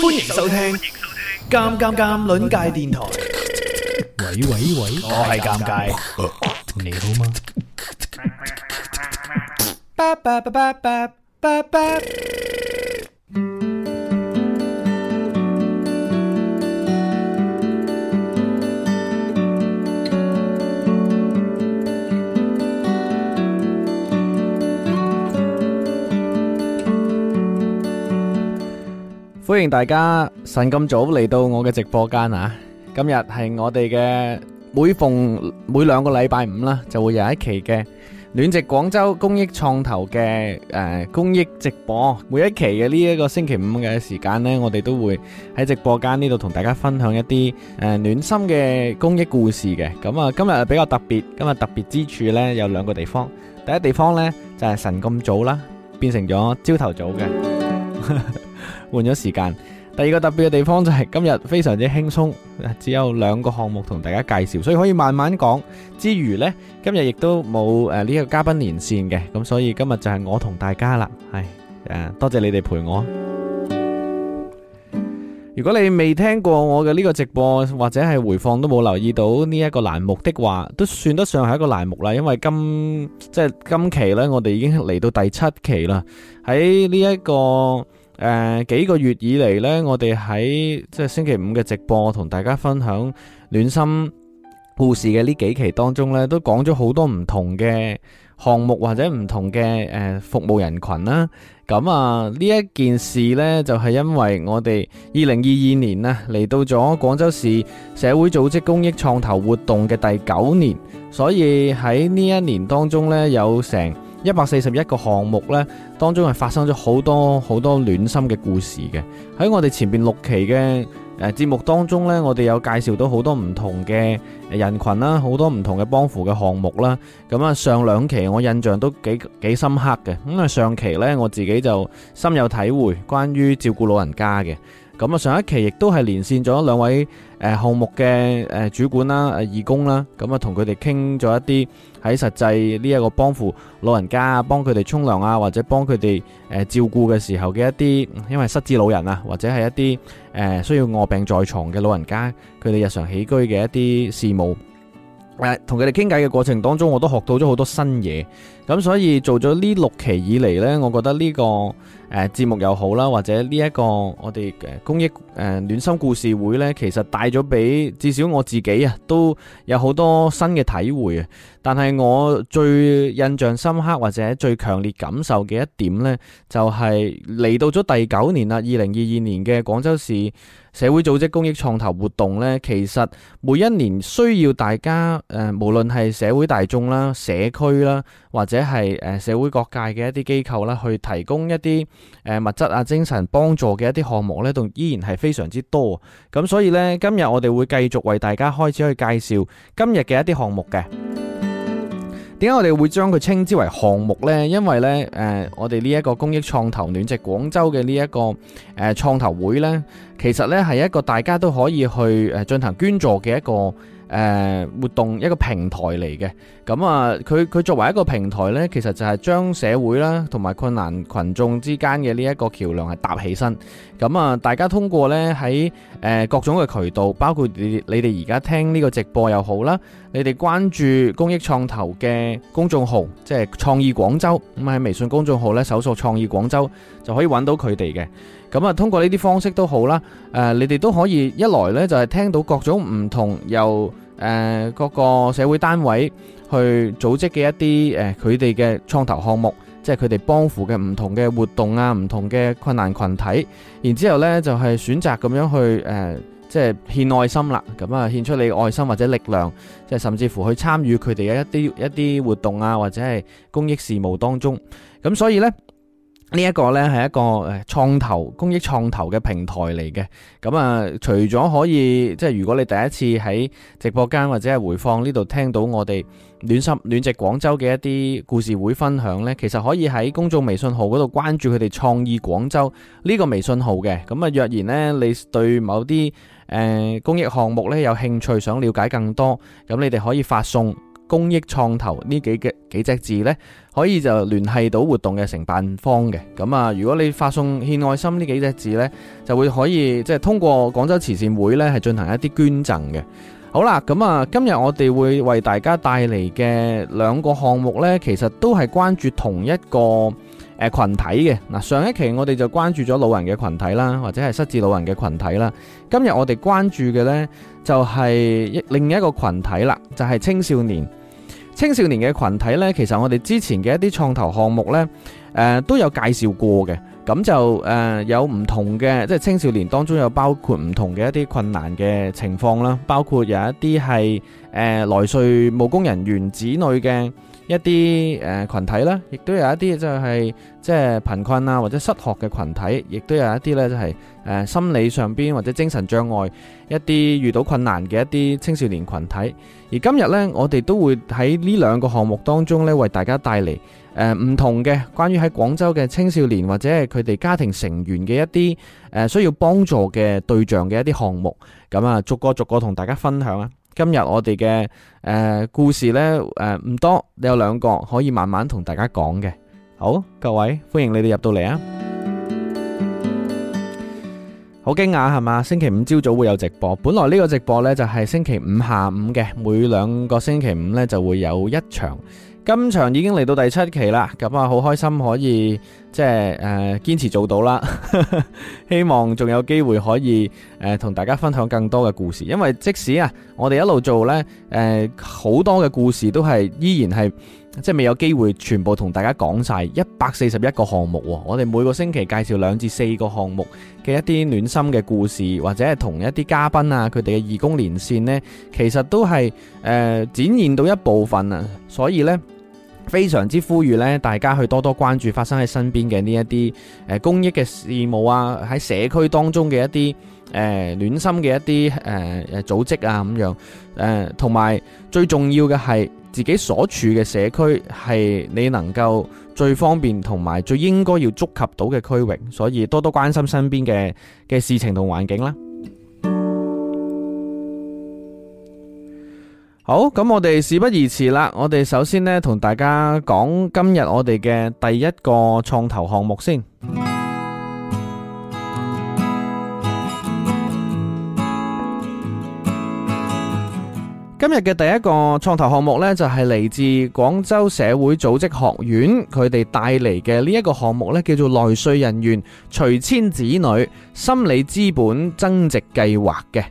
歡迎收聽《尷尷尷》鄰界電台。喂喂喂，我係尷尬，你好嗎？歡迎大家晨咁早嚟到我嘅直播間啊！今日係我哋嘅每逢每兩個禮拜五啦，就會有一期嘅暖席廣州公益創投嘅誒公益直播。每一期嘅呢一個星期五嘅時間呢，我哋都會喺直播間呢度同大家分享一啲誒暖心嘅公益故事嘅。咁啊，今日比較特別。今日特別之處呢有兩個地方。第一地方呢就係晨咁早啦，變成咗朝頭早嘅。換咗時間，第二個特別嘅地方就係今日非常之輕鬆，只有兩個項目同大家介紹，所以可以慢慢講。之餘呢，今日亦都冇誒呢個嘉賓連線嘅，咁所以今日就係我同大家啦，係誒多謝你哋陪我。如果你未聽過我嘅呢個直播或者係回放都冇留意到呢一個欄目的話，都算得上係一個欄目啦，因為今即係今期呢，我哋已經嚟到第七期啦，喺呢一個。誒、呃，幾個月以嚟呢，我哋喺，即係星期五嘅直播，同大家分享暖心故事嘅呢幾期當中呢，都講咗好多唔同嘅項目或者唔同嘅誒、呃、服務人群啦。咁啊，呢一件事呢，就係、是、因為我哋二零二二年啊嚟到咗廣州市社會組織公益創投活動嘅第九年，所以喺呢一年當中呢，有成。一百四十一個項目呢，當中係發生咗好多好多暖心嘅故事嘅。喺我哋前邊六期嘅誒節目當中呢，我哋有介紹到好多唔同嘅人群啦，好多唔同嘅幫扶嘅項目啦。咁啊，上兩期我印象都幾幾深刻嘅。咁啊，上期呢，我自己就深有體會，關於照顧老人家嘅。咁啊，上一期亦都係連線咗兩位誒、呃、項目嘅誒、呃、主管啦、呃、義工啦，咁啊同佢哋傾咗一啲喺實際呢一個幫扶老人家啊，幫佢哋沖涼啊，或者幫佢哋誒照顧嘅時候嘅一啲，因為失智老人啊，或者係一啲誒、呃、需要卧病在床嘅老人家，佢哋日常起居嘅一啲事務。誒、呃，同佢哋傾偈嘅過程當中，我都學到咗好多新嘢。咁所以做咗呢六期以嚟呢，我覺得呢、這個。誒節目又好啦，或者呢一個我哋公益誒暖心故事會呢，其實帶咗俾至少我自己啊，都有好多新嘅體會。但係我最印象深刻或者最強烈感受嘅一點呢，就係嚟到咗第九年啦，二零二二年嘅廣州市社會組織公益創投活動呢，其實每一年需要大家誒、呃，無論係社會大眾啦、社區啦，或者係誒、呃、社會各界嘅一啲機構啦，去提供一啲誒、呃、物質啊、精神幫助嘅一啲項目呢都依然係非常之多。咁所以呢，今日我哋會繼續為大家開始去介紹今日嘅一啲項目嘅。點解我哋會將佢稱之為項目呢？因為呢，誒、呃，我哋呢一個公益創投暖席廣州嘅呢一個誒呃創投會呢，其實呢係一個大家都可以去誒進行捐助嘅一個，誒、呃，活動一個平台嚟嘅，咁、嗯、啊，佢佢作為一個平台呢，其實就係將社會啦，同埋困難群眾之間嘅呢一個橋樑係搭起身，咁、嗯、啊，大家通過呢喺誒、呃、各種嘅渠道，包括你你哋而家聽呢個直播又好啦，你哋關注公益創投嘅公眾號，即係創意廣州，咁、嗯、喺微信公眾號呢，搜索創意廣州就可以揾到佢哋嘅。咁啊，通過呢啲方式都好啦，誒，你哋都可以一來咧，就係聽到各種唔同由誒各個社會單位去組織嘅一啲誒佢哋嘅創投項目，即係佢哋幫扶嘅唔同嘅活動啊，唔同嘅困難群體，然之後咧就係選擇咁樣去誒，即係獻愛心啦，咁啊，獻出你嘅愛心或者力量，即係甚至乎去參與佢哋嘅一啲一啲活動啊，或者係公益事務當中，咁所以咧。這個、呢是一個咧係一個誒創投公益創投嘅平台嚟嘅，咁、嗯、啊，除咗可以即係如果你第一次喺直播間或者係回放呢度聽到我哋暖心暖席廣州嘅一啲故事會分享呢，其實可以喺公眾微信號嗰度關注佢哋創意廣州呢個微信號嘅。咁、嗯、啊，若然呢，你對某啲、呃、公益項目呢有興趣想了解更多，咁、嗯、你哋可以發送。公益創投呢幾個幾隻字呢，可以就聯繫到活動嘅承辦方嘅。咁啊，如果你發送獻愛心呢幾隻字呢，就會可以即係、就是、通過廣州慈善會呢，係進行一啲捐贈嘅。好啦，咁啊，今日我哋會為大家帶嚟嘅兩個項目呢，其實都係關注同一個。誒群體嘅嗱，上一期我哋就關注咗老人嘅群體啦，或者係失智老人嘅群體啦。今日我哋關注嘅呢，就係、是、另一個群體啦，就係、是、青少年。青少年嘅群體呢，其實我哋之前嘅一啲創投項目呢，誒、呃、都有介紹過嘅。咁就誒、呃、有唔同嘅，即、就、係、是、青少年當中有包括唔同嘅一啲困難嘅情況啦，包括有一啲係誒來穗務工人員子女嘅。一啲誒群體啦，亦都有一啲就係即係貧困啊，或者失學嘅群體，亦都有一啲呢，就係心理上邊或者精神障礙一啲遇到困難嘅一啲青少年群體。而今日呢，我哋都會喺呢兩個項目當中呢，為大家帶嚟唔同嘅關於喺廣州嘅青少年或者係佢哋家庭成員嘅一啲需要幫助嘅對象嘅一啲項目。咁啊，逐個逐個同大家分享啊！今日我哋嘅誒故事呢，誒、呃、唔多，你有兩個可以慢慢同大家講嘅。好，各位歡迎你哋入到嚟啊！好驚訝係嘛？星期五朝早會有直播，本來呢個直播呢，就係、是、星期五下午嘅，每兩個星期五呢，就會有一場。今場已經嚟到第七期啦，咁啊好開心可以即係誒堅持做到啦，希望仲有機會可以誒同、呃、大家分享更多嘅故事，因為即使啊我哋一路做呢，誒、呃、好多嘅故事都係依然係即係未有機會全部同大家講晒一百四十一個項目喎，哦，我哋每個星期介紹兩至四個項目嘅一啲暖心嘅故事，或者係同一啲嘉賓啊佢哋嘅義工連線呢，其實都係誒、呃、展現到一部分啊，所以呢。非常之呼籲咧，大家去多多關注發生喺身邊嘅呢一啲誒公益嘅事務啊，喺社區當中嘅一啲誒暖心嘅一啲誒誒組織啊，咁樣誒，同埋最重要嘅係自己所處嘅社區係你能夠最方便同埋最應該要觸及到嘅區域，所以多多關心身邊嘅嘅事情同環境啦。好，咁我哋事不宜遲啦，我哋首先呢，同大家講今日我哋嘅第一個創投項目先。今日嘅第一個創投項目呢，就係嚟自廣州社會組織學院佢哋帶嚟嘅呢一個項目呢，叫做來穗人員隨遷子女心理資本增值計劃嘅。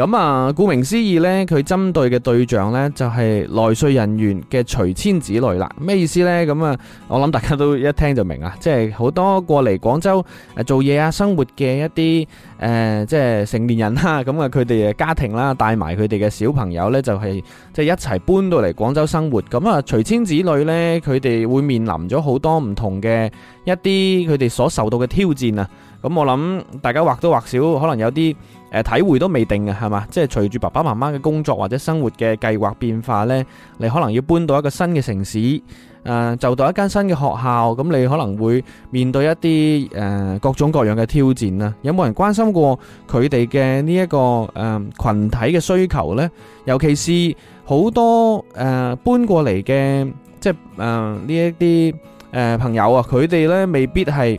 咁啊，顧名思義呢，佢針對嘅對象呢，就係、是、來穗人員嘅隨遷子女啦。咩意思呢？咁啊，我諗大家都一聽就明啦。即係好多過嚟廣州誒、呃、做嘢啊，生活嘅一啲誒、呃，即係成年人啦。咁啊，佢哋嘅家庭啦，帶埋佢哋嘅小朋友呢，就係即係一齊搬到嚟廣州生活。咁啊，隨遷子女呢，佢哋會面臨咗好多唔同嘅一啲佢哋所受到嘅挑戰啊。咁我諗大家或多或少，可能有啲誒、呃、體會都未定嘅，係嘛？即係隨住爸爸媽媽嘅工作或者生活嘅計劃變化呢，你可能要搬到一個新嘅城市、呃，就到一間新嘅學校，咁你可能會面對一啲、呃、各種各樣嘅挑戰啊。有冇人關心過佢哋嘅呢一個、呃、群體嘅需求呢？尤其是好多、呃、搬過嚟嘅，即係呢一啲朋友啊，佢哋呢未必係。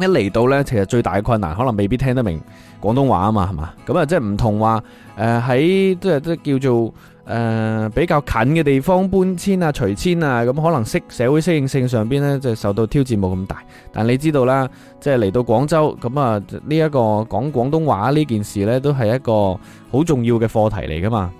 一嚟到呢，其實最大嘅困難可能未必聽得明廣東話啊嘛，係嘛？咁啊，即係唔同話喺、呃、即係都叫做、呃、比較近嘅地方搬遷啊、隨遷啊，咁可能適社會適應性上面呢，就受到挑戰冇咁大。但你知道啦，即係嚟到廣州咁啊，呢一個講廣東話呢件事呢，都係一個好重要嘅課題嚟噶嘛。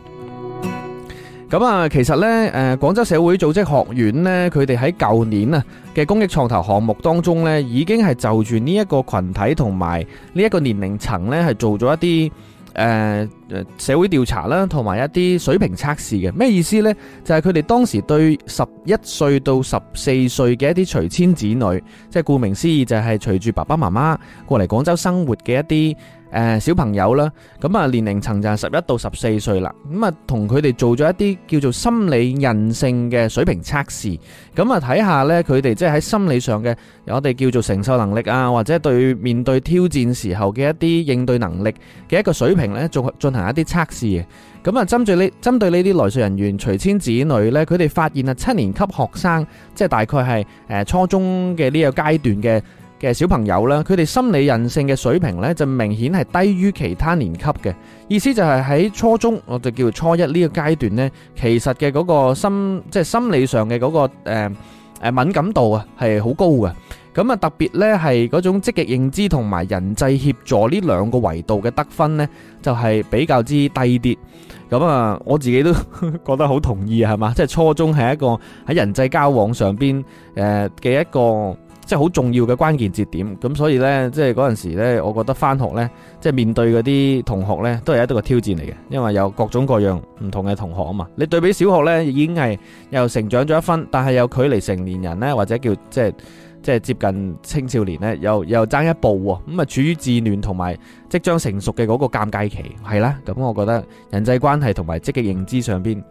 咁啊，其實呢，誒，廣州社會組織學院呢，佢哋喺舊年啊嘅公益創投項目當中呢，已經係就住呢一個群體同埋呢一個年齡層呢，係做咗一啲誒社會調查啦，同埋一啲水平測試嘅。咩意思呢？就係佢哋當時對十一歲到十四歲嘅一啲隨遷子女，即係顧名思義就係隨住爸爸媽媽過嚟廣州生活嘅一啲。誒小朋友啦，咁啊年齡層就係十一到十四歲啦，咁啊同佢哋做咗一啲叫做心理韌性嘅水平測試，咁啊睇下咧佢哋即係喺心理上嘅我哋叫做承受能力啊，或者對面對挑戰時候嘅一啲應對能力嘅一個水平咧，做進行一啲測試嘅。咁啊針對呢針對呢啲來穗人員隨遷子女咧，佢哋發現啊七年級學生即係大概係誒初中嘅呢個階段嘅嘅小朋友咧，佢哋心理韌性嘅水平咧就明顯係低於其他年級嘅。意思就係喺初中，我就叫做初一呢個階段咧，其實嘅嗰個心，即係心理上嘅嗰個誒誒敏感度啊，係好高嘅。咁啊特別咧係嗰種積極認知同埋人際協助呢兩個維度嘅得分咧，就係比較之低啲。咁啊，我自己都覺得好同意啊，係嘛？即係初中係一個喺人際交往上邊誒嘅一個。即係好重要嘅關鍵節點，咁所以呢，即係嗰陣時呢，我覺得返學呢，即係面對嗰啲同學呢，都係一個挑戰嚟嘅，因為有各種各樣唔同嘅同學啊嘛。你對比小學呢，已經係又成長咗一分，但係又距離成年人呢，或者叫即係即係接近青少年呢，又又爭一步喎。咁啊，處於自戀同埋即將成熟嘅嗰個尷尬期，係啦。咁我覺得人際關係同埋積極認知上面。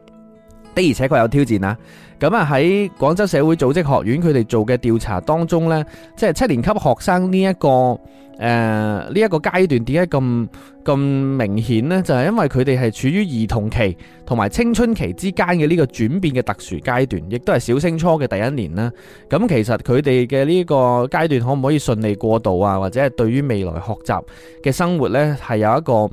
的而且確有挑戰啊。咁啊，喺廣州社會組織學院佢哋做嘅調查當中呢，即係七年級學生呢一個誒呢一個階段點解咁咁明顯呢？就係因為佢哋係處於兒童期同埋青春期之間嘅呢個轉變嘅特殊階段，亦都係小升初嘅第一年啦。咁其實佢哋嘅呢個階段可唔可以順利過渡啊？或者係對於未來學習嘅生活呢，係有一個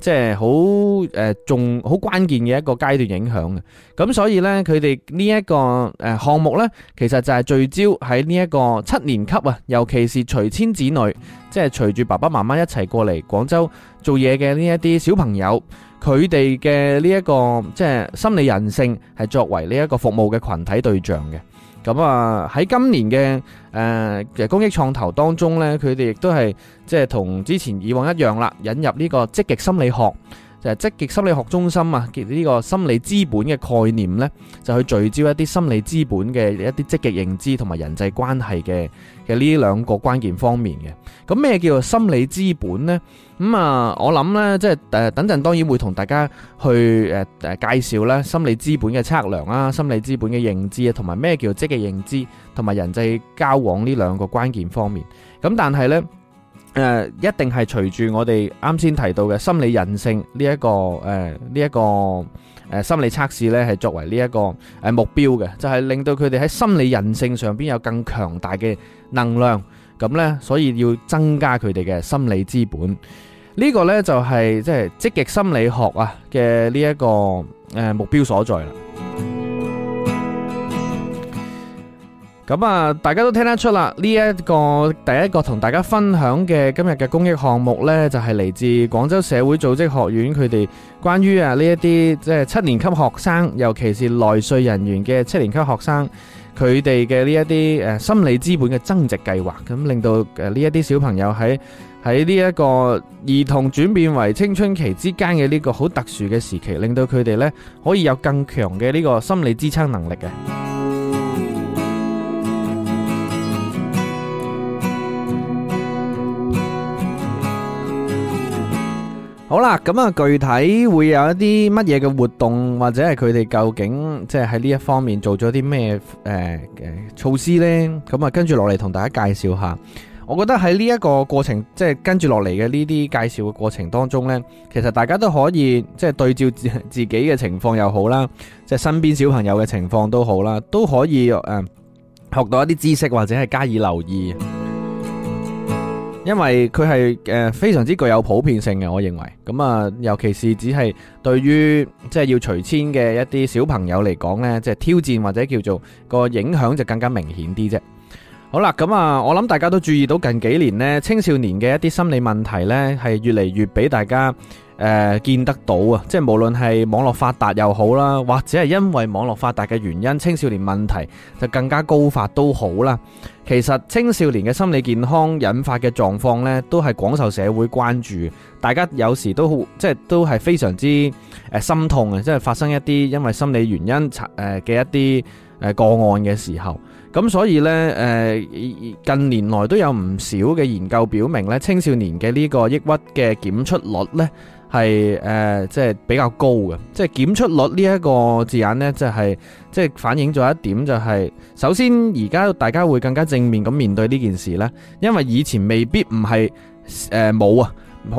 即係好誒，重、呃、好關鍵嘅一個階段影響嘅，咁所以呢，佢哋呢一個誒項目呢，其實就係聚焦喺呢一個七年級啊，尤其是隨遷子女，即係隨住爸爸媽媽一齊過嚟廣州做嘢嘅呢一啲小朋友，佢哋嘅呢一個即係心理人性係作為呢一個服務嘅群體對象嘅。咁啊，喺今年嘅誒嘅公益創投當中呢，佢哋亦都係即係同之前以往一樣啦，引入呢個積極心理學。就係、是、積極心理學中心啊，嘅呢個心理資本嘅概念呢，就去聚焦一啲心理資本嘅一啲積極認知同埋人際關係嘅，嘅呢兩個關鍵方面嘅。咁咩叫做心理資本呢？咁、嗯、啊，我諗呢，即係等陣當然會同大家去誒、啊啊、介紹啦心理資本嘅測量啊，心理資本嘅認知啊，同埋咩叫做積極認知同埋人際交往呢兩個關鍵方面。咁但係呢。誒、呃，一定係隨住我哋啱先提到嘅心理韌性呢、這、一個誒呢一個誒、呃、心理測試呢係作為呢一個誒目標嘅，就係、是、令到佢哋喺心理韌性上邊有更強大嘅能量，咁呢，所以要增加佢哋嘅心理資本，呢、這個呢，就係、是、即係積極心理學啊嘅呢一個誒、呃、目標所在啦。咁啊，大家都聽得出啦。呢、這、一個第一個同大家分享嘅今日嘅公益項目呢，就係、是、嚟自廣州社會組織學院佢哋關於啊呢一啲即係七年級學生，尤其是來穗人員嘅七年級學生，佢哋嘅呢一啲誒心理資本嘅增值計劃，咁令到呢一啲小朋友喺喺呢一個兒童轉變為青春期之間嘅呢個好特殊嘅時期，令到佢哋呢可以有更強嘅呢個心理支撐能力嘅。好啦，咁啊，具體會有一啲乜嘢嘅活動，或者係佢哋究竟即係喺呢一方面做咗啲咩誒嘅措施呢？咁啊，跟住落嚟同大家介紹下。我覺得喺呢一個過程，即係跟住落嚟嘅呢啲介紹嘅過程當中呢，其實大家都可以即係、就是、對照自自己嘅情況又好啦，即係身邊小朋友嘅情況都好啦，都可以誒、呃、學到一啲知識，或者係加以留意。因為佢係誒非常之具有普遍性嘅，我認為咁啊，尤其是只係對於即係要隨遷嘅一啲小朋友嚟講呢，即係挑戰或者叫做個影響就更加明顯啲啫。好啦，咁啊，我諗大家都注意到近幾年呢，青少年嘅一啲心理問題呢，係越嚟越俾大家。誒、呃、見得到啊！即係無論係網絡發達又好啦，或者係因為網絡發達嘅原因，青少年問題就更加高發都好啦。其實青少年嘅心理健康引發嘅狀況呢，都係廣受社會關注。大家有時都好，即係都係非常之、呃、心痛啊，即係發生一啲因為心理原因誒嘅一啲誒個案嘅時候。咁所以呢、呃，近年來都有唔少嘅研究表明呢，青少年嘅呢個抑鬱嘅檢出率呢。係誒、呃，即係比較高嘅，即係檢出率呢一個字眼呢，就係、是、即係反映咗一點、就是，就係首先而家大家會更加正面咁面對呢件事咧，因為以前未必唔係誒冇啊，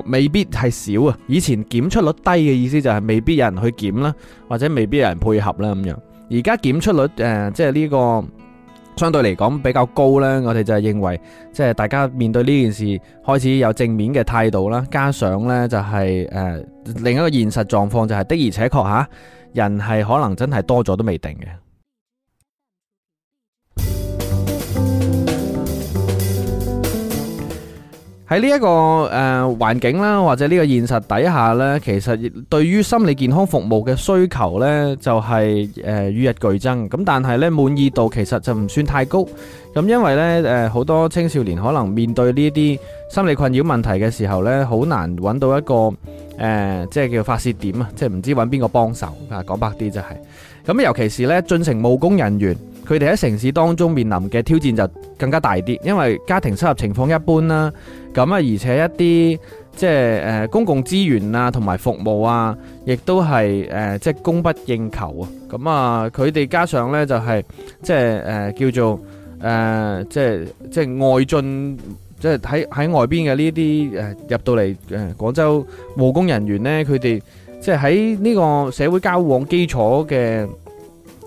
未必係少啊，以前檢出率低嘅意思就係未必有人去檢啦，或者未必有人配合啦咁樣，而家檢出率誒、呃，即係呢、呢個。相對嚟講比較高呢，我哋就係認為，即係大家面對呢件事開始有正面嘅態度啦。加上呢，就是，就係誒，另一個現實狀況就係的而且確吓，人係可能真係多咗都未定嘅。喺呢一個誒、呃、環境啦，或者呢個現實底下呢，其實對於心理健康服務嘅需求呢，就係誒與日俱增。咁但係呢，滿意度其實就唔算太高。咁因為呢，誒、呃、好多青少年可能面對呢啲心理困擾問題嘅時候呢，好難揾到一個誒、呃、即係叫發泄點啊，即係唔知揾邊個幫手啊。講白啲就係、是，咁、嗯、尤其是呢，進城務工人員。佢哋喺城市當中面臨嘅挑戰就更加大啲，因為家庭收入情況一般啦，咁啊，而且一啲即係誒公共資源啊同埋服務啊，亦都係誒即係供不應求啊。咁、嗯、啊，佢、呃、哋加上呢，就係即係誒叫做誒即係即係外進，即係喺喺外邊嘅呢啲誒入到嚟誒、呃、廣州務工人員呢，佢哋即係喺呢個社會交往基礎嘅。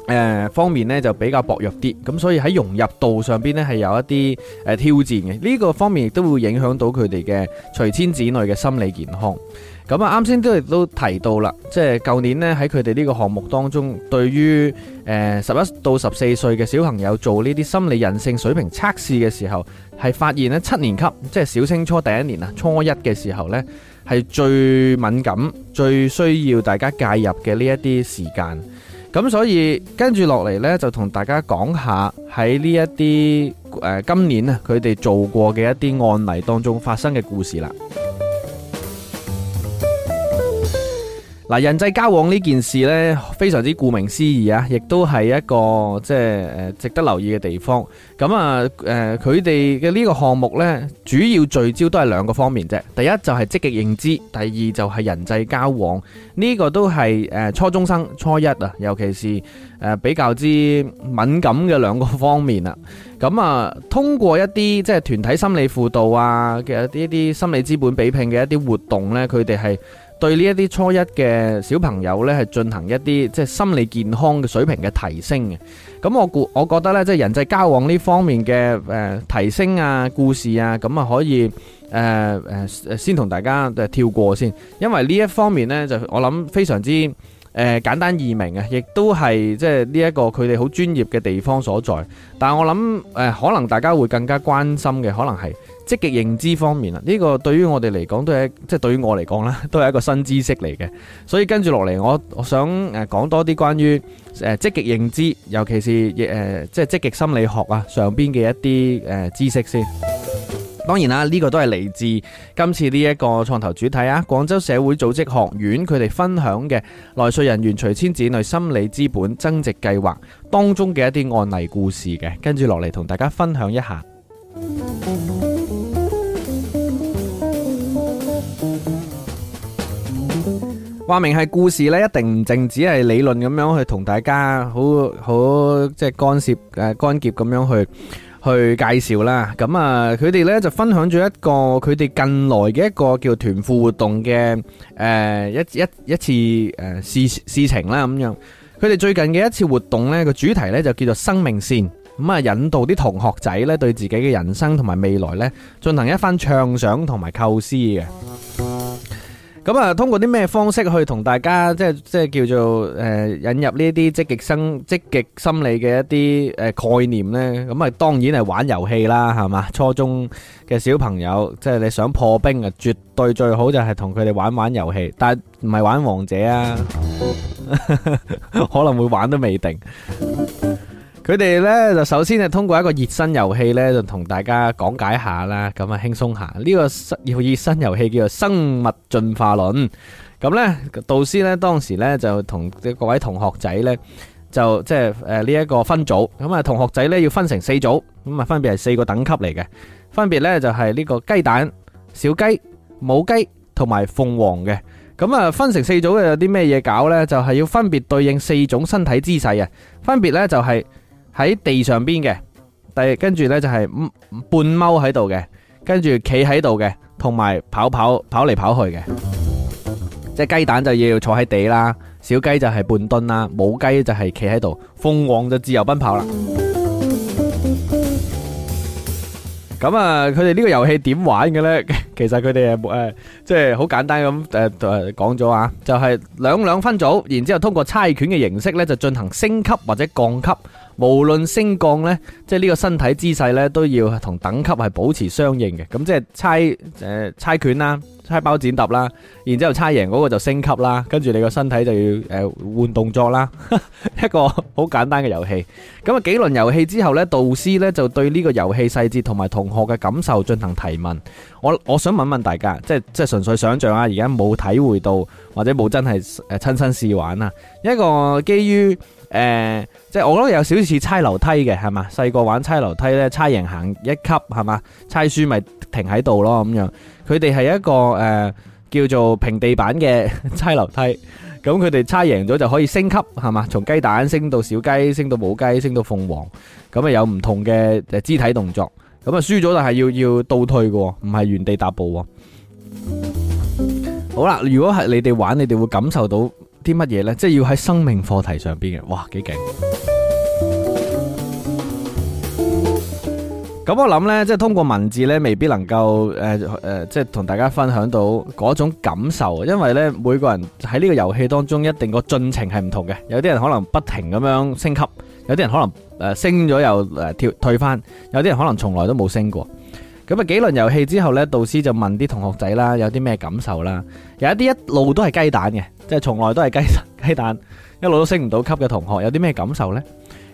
誒，方面呢就比較薄弱啲，咁所以喺融入度上邊呢，係有一啲誒挑戰嘅。呢個方面亦都會影響到佢哋嘅隨遷子女嘅心理健康。咁啊，啱先都亦都提到啦，即係舊年呢，喺佢哋呢個項目當中，對於誒十一到十四歲嘅小朋友做呢啲心理韌性水平測試嘅時候，係發現呢七年級，即係小升初第一年啊，初一嘅時候呢，係最敏感、最需要大家介入嘅呢一啲時間。咁所以跟住落嚟呢，就同大家講下喺呢一啲誒、呃，今年啊，佢哋做過嘅一啲案例當中發生嘅故事啦。嗱，人際交往呢件事呢，非常之顧名思義啊，亦都係一個即係值得留意嘅地方。咁啊誒，佢哋嘅呢個項目呢，主要聚焦都係兩個方面啫。第一就係積極認知，第二就係人際交往。呢個都係誒初中生初一啊，尤其是誒比較之敏感嘅兩個方面啊。咁啊，通過一啲即係團體心理輔導啊，嘅一啲心理資本比拼嘅一啲活動呢，佢哋係，對呢一啲初一嘅小朋友呢，係進行一啲即係心理健康嘅水平嘅提升嘅。咁我估，我覺得呢，即係人際交往呢方面嘅誒提升啊、故事啊，咁啊可以誒誒誒先同大家跳過先，因為呢一方面呢，就我諗非常之誒簡單易明啊，亦都係即係呢一個佢哋好專業嘅地方所在。但係我諗誒，可能大家會更加關心嘅，可能係。積極認知方面啦，呢個對於我哋嚟講都係即係對於我嚟講啦，都係一個新知識嚟嘅。所以跟住落嚟，我我想誒講多啲關於誒積極認知，尤其是誒、呃、即係積極心理學啊上邊嘅一啲誒、呃、知識先。當然啦，呢個都係嚟自今次呢一個創投主題啊，廣州社會組織學院佢哋分享嘅內稅人員隨遷子女心理資本增值計劃當中嘅一啲案例故事嘅，跟住落嚟同大家分享一下。嗯嗯嗯嗯。話明係故事咧，一定唔淨止係理論咁樣去同大家好好即係干涉誒乾澀咁樣去去介紹啦。咁啊，佢哋咧就分享咗一個佢哋近來嘅一個叫團輔活動嘅誒一一一次誒事事情啦咁樣。佢哋最近嘅一次活動咧個主題咧就叫做生命線咁啊，引導啲同學仔咧對自己嘅人生同埋未來咧進行一番暢想同埋構思嘅。咁啊，通過啲咩方式去同大家即係即係叫做誒引入呢啲積極生積極心理嘅一啲誒概念呢？咁啊，當然係玩遊戲啦，係嘛？初中嘅小朋友即係你想破冰啊，絕對最好就係同佢哋玩玩遊戲，但係唔係玩王者啊，可能會玩都未定。佢哋咧就首先係通過一個熱身遊戲咧，就同大家講解下啦，咁啊輕鬆下。呢個熱熱身遊戲叫做生物進化論。咁咧，導師咧當時咧就同各位同學仔咧，就即係誒呢一個分組。咁啊，同學仔咧要分成四組，咁啊分別係四個等級嚟嘅，分別咧就係呢個雞蛋、小雞、母雞同埋鳳凰嘅。咁啊分成四組有啲咩嘢搞呢？就係要分別對應四種身體姿勢啊，分別咧就係。喺地上邊嘅，第跟住呢就係半踎喺度嘅，跟住企喺度嘅，同埋跑跑跑嚟跑去嘅。即係雞蛋就要坐喺地啦，小雞就係半蹲啦，母雞就係企喺度，鳳凰就自由奔跑啦。咁、嗯、啊，佢哋呢個遊戲點玩嘅呢？其實佢哋誒即係好簡單咁誒講咗啊，就係、是、兩兩分組，然之後通過猜拳嘅形式呢，就進行升級或者降級。無論升降呢，即係呢個身體姿勢呢，都要同等級係保持相應嘅。咁即係猜誒猜拳啦，猜包剪揼啦，然之後猜贏嗰個就升級啦。跟住你個身體就要誒換動作啦，一個好簡單嘅遊戲。咁啊幾輪遊戲之後呢，導師呢就對呢個遊戲細節同埋同學嘅感受進行提問。我我想問問大家，即即係純粹想象啊，而家冇體會到或者冇真係誒親身試玩啊，一個基於。誒，即係我覺得有少少似猜樓梯嘅係嘛，細個玩猜樓梯咧，猜贏行一級係嘛，猜輸咪停喺度咯咁樣。佢哋係一個誒叫做平地板嘅猜樓梯，咁佢哋猜贏咗就可以升級係嘛，從雞蛋升到小雞，升到母雞，升到鳳凰，咁啊有唔同嘅肢體動作，咁啊輸咗就係要要倒退嘅，唔係原地踏步。好啦，如果係你哋玩，你哋會感受到。啲乜嘢呢？即係要喺生命課題上邊嘅，哇，幾勁！咁 我諗呢，即係通過文字呢，未必能夠誒誒，即係同大家分享到嗰種感受，因為呢，每個人喺呢個遊戲當中，一定個進程係唔同嘅。有啲人可能不停咁樣升級，有啲人可能誒升咗又誒跳退翻，有啲人可能從來都冇升過。咁啊，幾輪遊戲之後呢，導師就問啲同學仔啦，有啲咩感受啦？有一啲一路都係雞蛋嘅，即係從來都係雞雞蛋，一路都升唔到級嘅同學，有啲咩感受呢？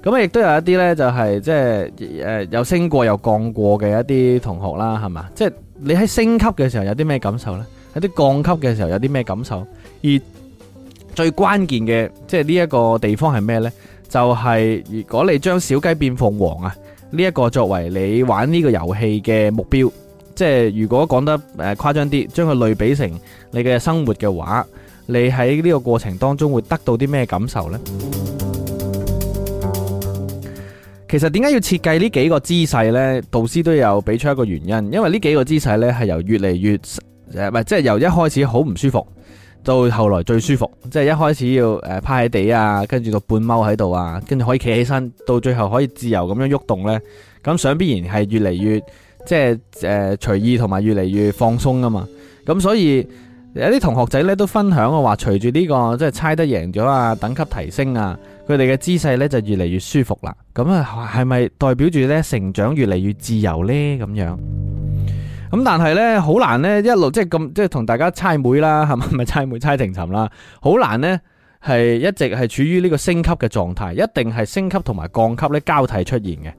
咁啊，亦都有一啲呢，就係即係誒，又升過又降過嘅一啲同學啦，係嘛？即係你喺升級嘅時候有啲咩感受呢？喺啲降級嘅時候有啲咩感受？而最關鍵嘅，即係呢一個地方係咩呢？就係如果你將小雞變鳳凰啊！呢一個作為你玩呢個遊戲嘅目標，即係如果講得誒誇張啲，將佢類比成你嘅生活嘅話，你喺呢個過程當中會得到啲咩感受呢？其實點解要設計呢幾個姿勢呢？導師都有俾出一個原因，因為呢幾個姿勢呢係由越嚟越誒，即係由一開始好唔舒服。到後來最舒服，即係一開始要誒趴喺地啊，跟住個半踎喺度啊，跟住可以企起身，到最後可以自由咁樣喐動呢。咁想必然係越嚟越即係誒、呃、隨意同埋越嚟越放鬆啊嘛。咁所以有啲同學仔呢都分享嘅話，這個，隨住呢個即係猜得贏咗啊，等級提升啊，佢哋嘅姿勢呢就越嚟越舒服啦。咁啊，係咪代表住呢成長越嚟越自由呢？咁樣？咁但係呢，好難呢，一路即係咁，即係同大家猜妹啦，係咪咪猜妹猜停尋啦，好難呢，係一直係處於呢個升級嘅狀態，一定係升級同埋降級呢交替出現嘅。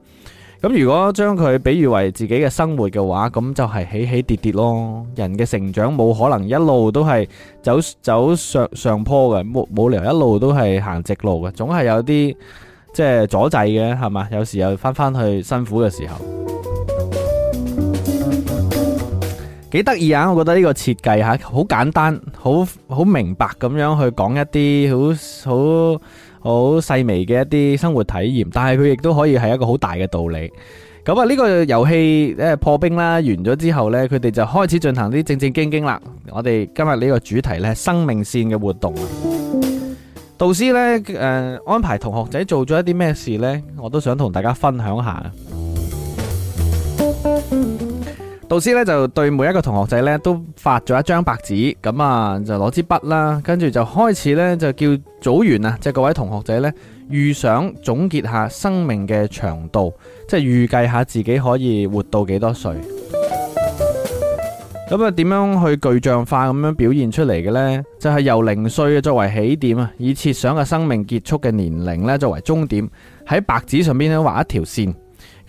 咁如果將佢比喻為自己嘅生活嘅話，咁就係起起跌跌咯。人嘅成長冇可能一路都係走走上上坡嘅，冇冇理由一路都係行直路嘅，總係有啲即係阻滯嘅，係咪？有時又翻翻去辛苦嘅時候。幾得意啊！我覺得呢個設計吓好簡單，好好明白咁樣去講一啲好好好細微嘅一啲生活體驗，但係佢亦都可以係一個好大嘅道理。咁啊，呢個遊戲誒破冰啦，完咗之後呢，佢哋就開始進行啲正正經經啦。我哋今日呢個主題呢，生命線嘅活動，導師呢誒安排同學仔做咗一啲咩事呢？我都想同大家分享下。導師咧就對每一個同學仔咧都發咗一張白紙，咁啊就攞支筆啦，跟住就開始咧就叫組員啊，即係各位同學仔呢，預想總結下生命嘅長度，即係預計下自己可以活到幾多歲。咁啊，點樣去具象化咁樣表現出嚟嘅呢？就係由零歲啊作為起點啊，以設想嘅生命結束嘅年齡呢作為終點，喺白紙上邊咧畫一條線。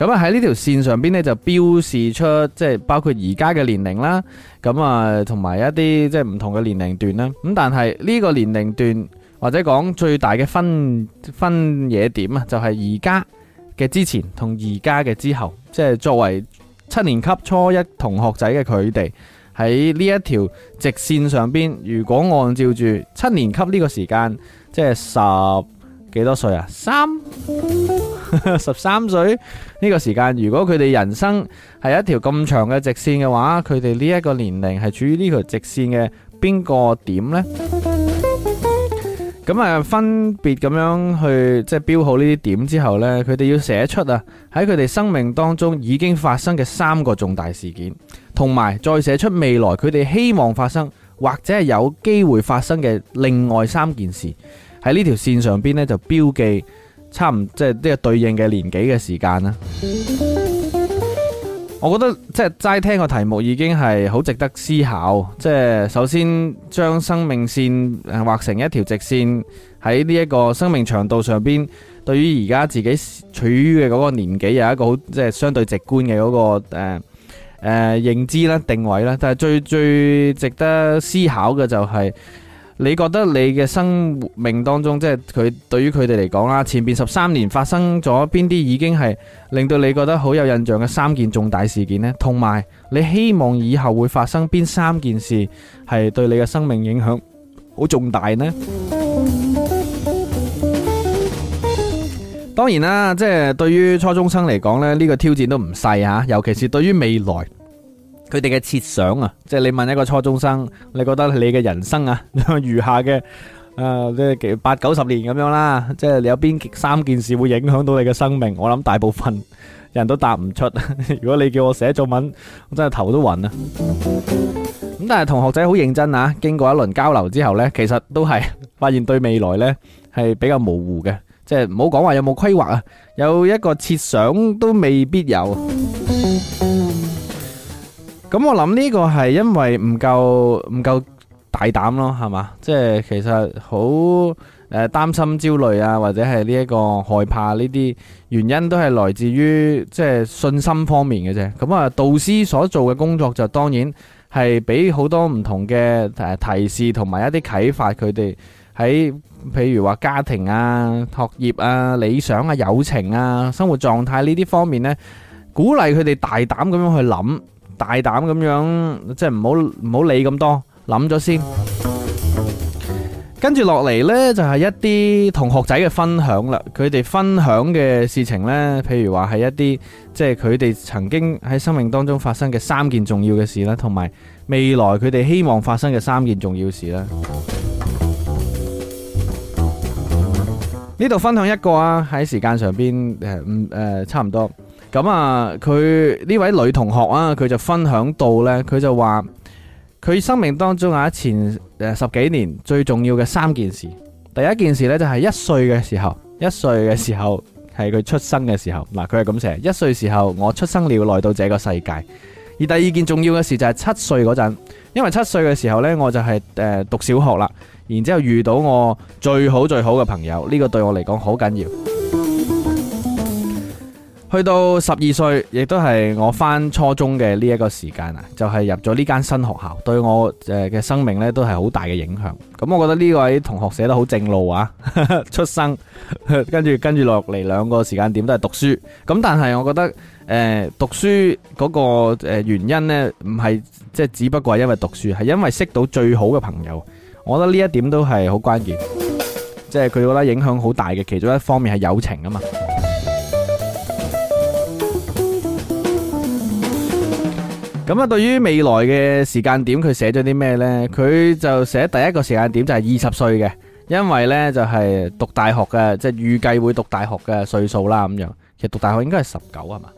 咁啊喺呢條線上邊呢，就標示出即係包括而家嘅年齡啦，咁啊同埋一啲即係唔同嘅年齡段啦。咁但係呢個年齡段或者講最大嘅分分野點啊，就係而家嘅之前同而家嘅之後，即係作為七年級初一同學仔嘅佢哋喺呢一條直線上邊，如果按照住七年級呢個時間，即係十。幾多歲啊？三十三歲呢個時間，如果佢哋人生係一條咁長嘅直線嘅話，佢哋呢一個年齡係處於呢條直線嘅邊個點呢？咁啊，分別咁樣去即係、就是、標好呢啲點之後呢，佢哋要寫出啊喺佢哋生命當中已經發生嘅三個重大事件，同埋再寫出未來佢哋希望發生或者係有機會發生嘅另外三件事。喺呢條線上邊呢，就標記差唔多即係呢個對應嘅年紀嘅時間啦。我覺得即係齋聽個題目已經係好值得思考。即係首先將生命線誒畫成一條直線，喺呢一個生命長度上邊，對於而家自己處於嘅嗰個年紀有一個好即係相對直觀嘅嗰個誒誒認知啦、定位啦。但係最最值得思考嘅就係。你覺得你嘅生命當中，即係佢對於佢哋嚟講啦，前邊十三年發生咗邊啲已經係令到你覺得好有印象嘅三件重大事件呢？同埋你希望以後會發生邊三件事係對你嘅生命影響好重大呢？當然啦，即係對於初中生嚟講咧，呢個挑戰都唔細吓，尤其是對於未來。佢哋嘅設想啊，即係你問一個初中生，你覺得你嘅人生啊，餘下嘅啊，即係八九十年咁樣啦，即係你有邊三件事會影響到你嘅生命？我諗大部分人都答唔出。如果你叫我寫作文，我真係頭都暈啊！咁但係同學仔好認真啊，經過一輪交流之後呢，其實都係發現對未來呢係比較模糊嘅，即係唔好講話有冇規劃啊，有一個設想都未必有。咁我諗呢個係因為唔夠唔夠大膽咯，係嘛？即係其實好誒，擔心、焦慮啊，或者係呢一個害怕呢啲原因，都係來自於即係信心方面嘅啫。咁啊，導師所做嘅工作就當然係俾好多唔同嘅誒提示，同埋一啲啟發佢哋喺譬如話家庭啊、學業啊、理想啊、友情啊、生活狀態呢啲方面呢，鼓勵佢哋大膽咁樣去諗。大膽咁樣，即係唔好唔好理咁多，諗咗先。跟住落嚟呢，就係、是、一啲同學仔嘅分享啦。佢哋分享嘅事情呢，譬如話係一啲即係佢哋曾經喺生命當中發生嘅三件重要嘅事啦，同埋未來佢哋希望發生嘅三件重要事啦。呢度 分享一個啊，喺時間上邊誒，唔、呃、誒、呃、差唔多。咁啊，佢呢位女同學啊，佢就分享到呢，佢就話佢生命當中啊前誒十幾年最重要嘅三件事，第一件事呢，就係、是、一歲嘅時候，一歲嘅時候係佢出生嘅時候，嗱佢係咁寫，一歲時候我出生了，來到這個世界。而第二件重要嘅事就係七歲嗰陣，因為七歲嘅時候呢，我就係誒讀小學啦，然之後遇到我最好最好嘅朋友，呢、這個對我嚟講好緊要。去到十二歲，亦都係我翻初中嘅呢一個時間啊，就係入咗呢間新學校，對我誒嘅生命呢都係好大嘅影響。咁我覺得呢位同學寫得好正路啊，哈哈，出生跟住跟住落嚟兩個時間點都係讀書。咁但係我覺得誒讀書嗰個誒原因呢，唔係即係只不過係因為讀書，係因為識到最好嘅朋友。我覺得呢一點都係好關鍵，即係佢覺得影響好大嘅其中一方面係友情啊嘛。咁啊，對於未來嘅時間點，佢寫咗啲咩呢？佢就寫第一個時間點就係二十歲嘅，因為呢就係讀大學嘅，即係預計會讀大學嘅歲數啦咁樣。其實讀大學應該係十九係嘛？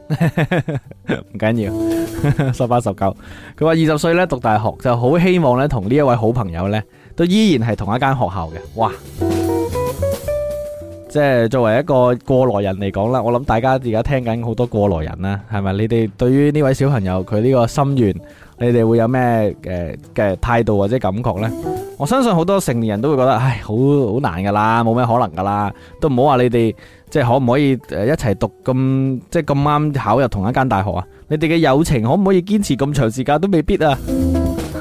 唔 緊 要，十八十九。佢話二十歲呢讀大學就好，希望呢同呢一位好朋友呢都依然係同一間學校嘅。哇！即係作為一個過來人嚟講啦，我諗大家而家聽緊好多過來人啦，係咪？你哋對於呢位小朋友佢呢個心願，你哋會有咩誒嘅態度或者感覺呢？我相信好多成年人都會覺得，唉，好好難㗎啦，冇咩可能㗎啦，都唔好話你哋即係可唔可以誒一齊讀咁即係咁啱考入同一間大學啊？你哋嘅友情可唔可以堅持咁長時間都未必啊。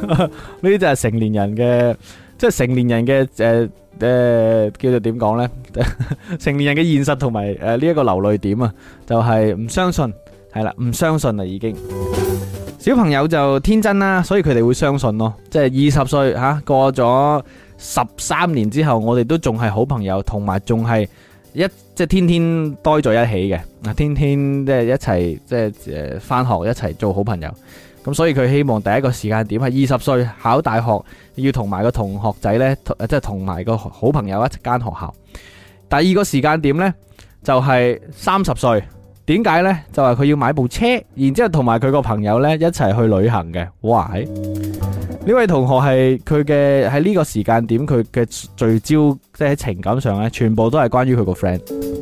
呢啲就係成年人嘅。即係成年人嘅誒誒，叫做點講呢？ 成年人嘅現實同埋誒呢一個流淚點啊，就係、是、唔相信，係啦，唔相信啦已經。小朋友就天真啦，所以佢哋會相信咯。即係二十歲吓、啊、過咗十三年之後，我哋都仲係好朋友，同埋仲係一即係天天呆在一起嘅，啊天天起即係一齊即係誒返學一齊做好朋友。咁所以佢希望第一個時間點係二十歲考大學，要同埋個同學仔呢，即係同埋個好朋友一間學校。第二個時間點呢，就係三十歲，點解呢？就係佢要買部車，然之後同埋佢個朋友呢一齊去旅行嘅。哇，呢位同學係佢嘅喺呢個時間點佢嘅聚焦，即係情感上呢，全部都係關於佢個 friend。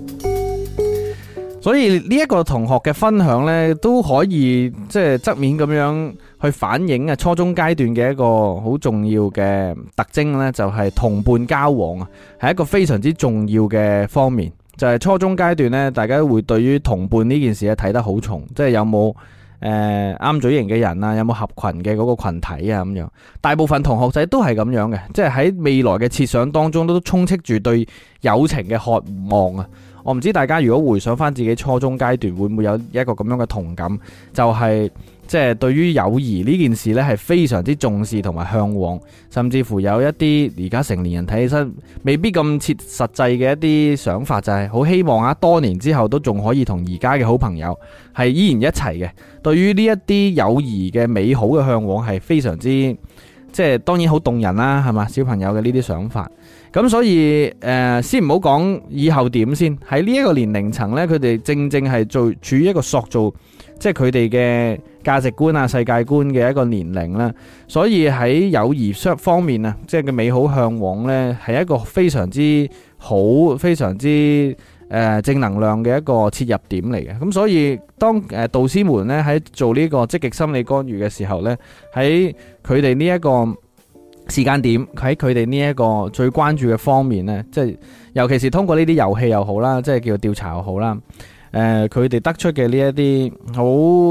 所以呢一個同學嘅分享呢，都可以即係側面咁樣去反映啊，初中階段嘅一個好重要嘅特徵呢，就係同伴交往啊，係一個非常之重要嘅方面。就係初中階段呢，大家會對於同伴呢件事咧睇得好重，即係有冇誒啱嘴型嘅人啊，有冇合群嘅嗰個群體啊咁樣。大部分同學仔都係咁樣嘅，即係喺未來嘅設想當中都充斥住對友情嘅渴望啊。我唔知大家如果回想翻自己初中階段，會唔會有一個咁樣嘅同感？就係即係對於友誼呢件事呢係非常之重視同埋向往，甚至乎有一啲而家成年人睇起身未必咁切實際嘅一啲想法，就係好希望啊，多年之後都仲可以同而家嘅好朋友係依然一齊嘅。對於呢一啲友誼嘅美好嘅向往，係非常之即係當然好動人啦，啊，係咪？小朋友嘅呢啲想法。咁所以誒，先唔好講以後點先。喺呢一個年齡層呢，佢哋正正係做處於一個塑造，即係佢哋嘅價值觀啊、世界觀嘅一個年齡啦。所以喺友誼相方面啊，即係嘅美好向往呢，係一個非常之好、非常之誒正能量嘅一個切入點嚟嘅。咁所以當誒導師們呢，喺做呢個積極心理干預嘅時候呢，喺佢哋呢一個。時間點喺佢哋呢一個最關注嘅方面咧，即係尤其是通過呢啲遊戲又好啦，即係叫調查又好啦，誒、呃，佢哋得出嘅呢一啲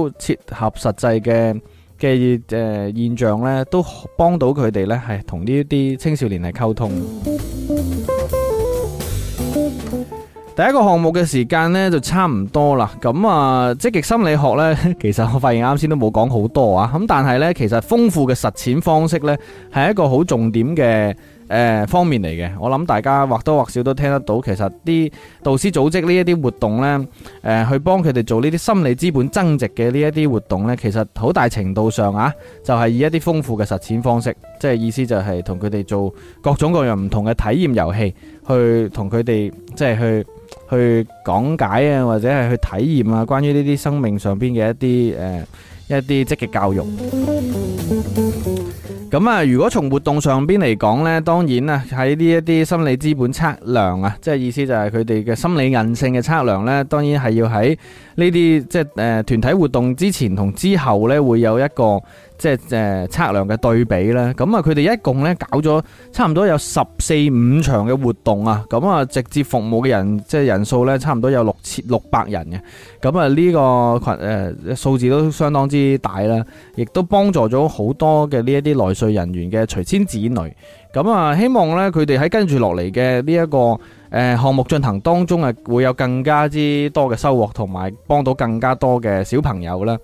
好切合實際嘅嘅現象咧，都幫到佢哋咧係同呢啲青少年係溝通。第一個項目嘅時間呢就差唔多喇，咁啊積極心理學呢，其實我發現啱先都冇講好多啊，咁但係呢，其實豐富嘅實踐方式呢，係一個好重點嘅。誒方面嚟嘅，我諗大家或多或少都聽得到，其實啲導師組織呢一啲活動咧，誒去幫佢哋做呢啲心理資本增值嘅呢一啲活動咧，其實好大程度上啊，就係以一啲豐富嘅實踐方式，即係意思就係同佢哋做各種各樣唔同嘅體驗遊戲，去同佢哋即係去去講解啊，或者係去體驗啊，關於呢啲生命上邊嘅一啲誒一啲積極教育。咁啊，如果從活動上邊嚟講咧，當然啊，喺呢一啲心理資本測量啊，即係意思就係佢哋嘅心理韌性嘅測量咧，當然係要喺呢啲即係誒團體活動之前同之後咧，會有一個即係誒測量嘅對比啦。咁啊，佢哋一共咧搞咗差唔多有十四五場嘅活動啊，咁啊，直接服務嘅人即係人數咧，差唔多有六千六百人嘅。咁啊，呢個羣誒數字都相當之大啦，亦都幫助咗好多嘅呢一啲內稅人員嘅隨遷子女，咁啊，希望呢，佢哋喺跟住落嚟嘅呢一個誒項目進行當中啊，會有更加之多嘅收穫，同埋幫到更加多嘅小朋友啦。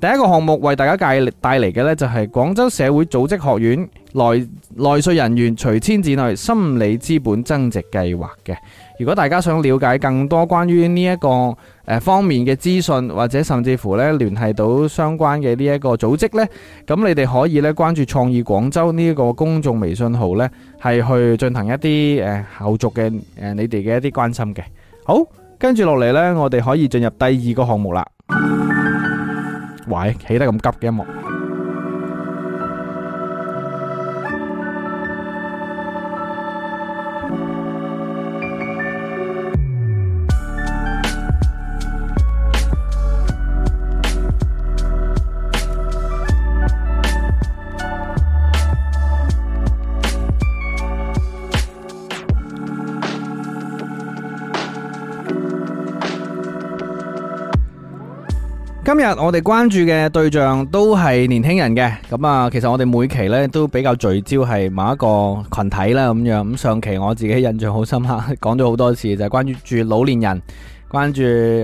第一個項目為大家介帶嚟嘅呢，就係廣州社會組織學院內內稅人員隨遷子女心理資本增值計劃嘅。如果大家想了解更多關於呢一個誒、呃、方面嘅資訊，或者甚至乎咧聯繫到相關嘅呢一個組織呢，咁你哋可以咧關注創意廣州呢一個公眾微信號呢，係去進行一啲誒、呃、後續嘅誒、呃、你哋嘅一啲關心嘅。好，跟住落嚟呢，我哋可以進入第二個項目啦。喂，起得咁急嘅音樂。今日我哋關注嘅對象都係年輕人嘅，咁啊，其實我哋每期呢都比較聚焦係某一個群體啦，咁樣。咁上期我自己印象好深刻，講咗好多次，就係、是、關注住老年人，關注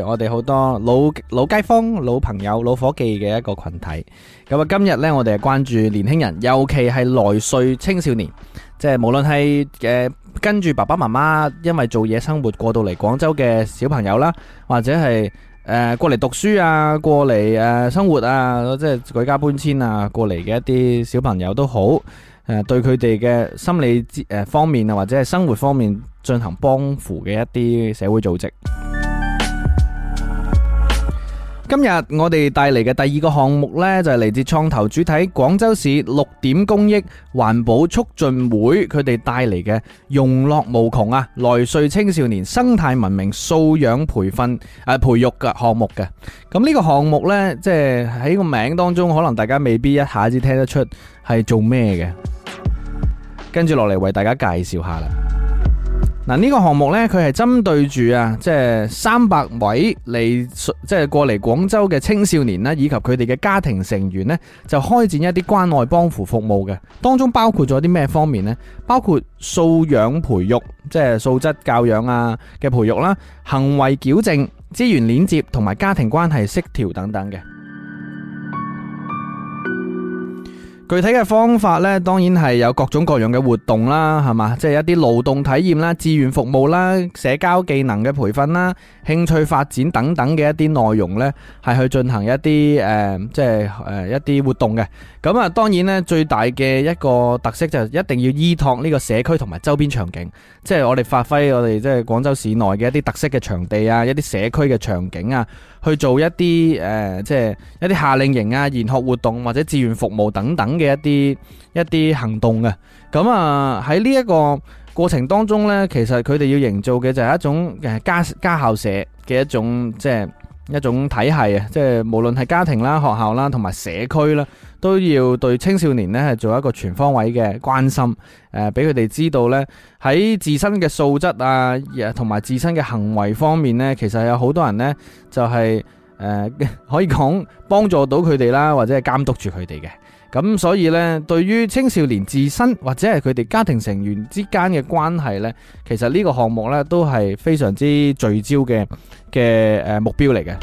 我哋好多老老街坊、老朋友、老伙計嘅一個群體。咁啊，今日呢，我哋係關注年輕人，尤其係來穗青少年，即係無論係誒跟住爸爸媽媽因為做嘢生活過到嚟廣州嘅小朋友啦，或者係。誒，過嚟讀書啊，過嚟誒生活啊，即係舉家搬遷啊，過嚟嘅一啲小朋友都好，誒，對佢哋嘅心理誒方面啊，或者係生活方面進行幫扶嘅一啲社會組織。今日我哋帶嚟嘅第二個項目呢，就係、是、嚟自創投主體廣州市綠點公益環保促進會，佢哋帶嚟嘅容樂無窮啊，來穗青少年生態文明素養培訓誒培育嘅項目嘅。咁呢個項目呢，即係喺個名當中，可能大家未必一下子聽得出係做咩嘅。跟住落嚟為大家介紹下啦。嗱，呢個項目呢，佢係針對住啊，即係三百位嚟即係過嚟廣州嘅青少年啦，以及佢哋嘅家庭成員呢，就開展一啲關愛幫扶服務嘅。當中包括咗啲咩方面呢？包括素養培育，即係素質教養啊嘅培育啦，行為矯正、資源鏈接同埋家庭關係協調等等嘅。具體嘅方法呢，當然係有各種各樣嘅活動啦，係嘛，即係一啲勞動體驗啦、志願服務啦、社交技能嘅培訓啦、興趣發展等等嘅一啲內容呢，係去進行一啲誒，即係誒一啲活動嘅。咁啊，當然呢，最大嘅一個特色就係一定要依託呢個社區同埋周邊場景，即係我哋發揮我哋即係廣州市內嘅一啲特色嘅場地啊，一啲社區嘅場景啊。去做一啲誒、呃，即係一啲夏令營啊、研學活動或者志願服務等等嘅一啲一啲行動嘅、啊。咁啊喺呢一個過程當中呢，其實佢哋要營造嘅就係一種誒家家校社嘅一種即係。一種體系啊，即係無論係家庭啦、學校啦，同埋社區啦，都要對青少年呢係做一個全方位嘅關心，誒、呃，俾佢哋知道呢，喺自身嘅素質啊，同埋自身嘅行為方面呢，其實有好多人呢，就係、是、誒、呃，可以講幫助到佢哋啦，或者係監督住佢哋嘅。咁所以呢，對於青少年自身或者係佢哋家庭成員之間嘅關係呢，其實呢個項目呢，都係非常之聚焦嘅嘅誒目標嚟嘅。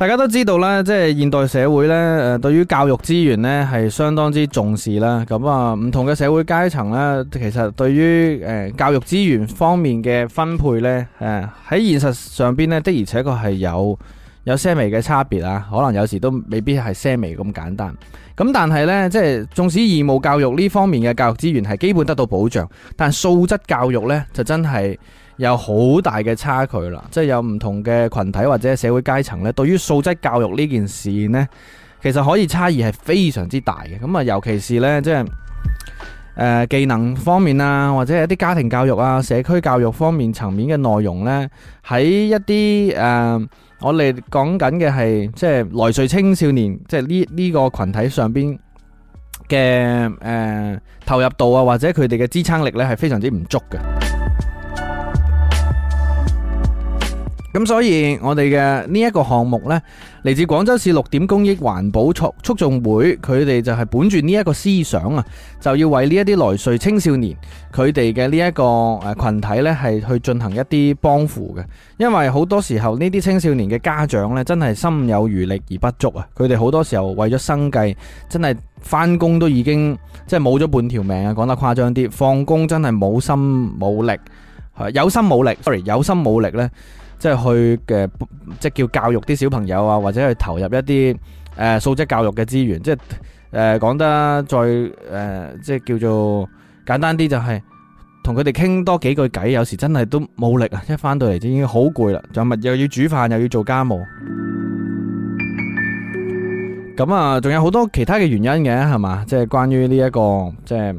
大家都知道啦，即係現代社會咧，誒，對於教育資源咧係相當之重視啦。咁啊，唔同嘅社會階層咧，其實對於誒教育資源方面嘅分配咧，誒喺現實上邊咧的而且確係有有些微嘅差別啊。可能有時都未必係些微咁簡單。咁但係咧，即係縱使義務教育呢方面嘅教育資源係基本得到保障，但素質教育咧就真係。有好大嘅差距啦，即係有唔同嘅群體或者社會階層咧，對於素質教育呢件事呢，其實可以差異係非常之大嘅。咁啊，尤其是呢，即係、呃、技能方面啊，或者係一啲家庭教育啊、社區教育方面層面嘅內容呢，喺一啲誒、呃、我哋講緊嘅係即係來穗青少年，即係呢呢個群體上邊嘅誒投入度啊，或者佢哋嘅支撐力呢，係非常之唔足嘅。咁所以，我哋嘅呢一個項目呢，嚟自廣州市六點公益環保促促進會，佢哋就係本住呢一個思想啊，就要為呢一啲來穗青少年佢哋嘅呢一個誒群體呢，係去進行一啲幫扶嘅。因為好多時候呢啲青少年嘅家長呢，真係心有餘力而不足啊。佢哋好多時候為咗生計，真係翻工都已經即係冇咗半條命啊。講得誇張啲，放工真係冇心冇力，有心冇力，sorry，有心冇力呢。即係去嘅，即係叫教育啲小朋友啊，或者去投入一啲誒、呃、素質教育嘅資源。即係誒講得再誒、呃，即係叫做簡單啲、就是，就係同佢哋傾多幾句偈。有時真係都冇力啊，一翻到嚟已經好攰啦，仲要又要煮飯，又要做家務。咁 啊，仲有好多其他嘅原因嘅，係嘛？即係關於呢一個即係。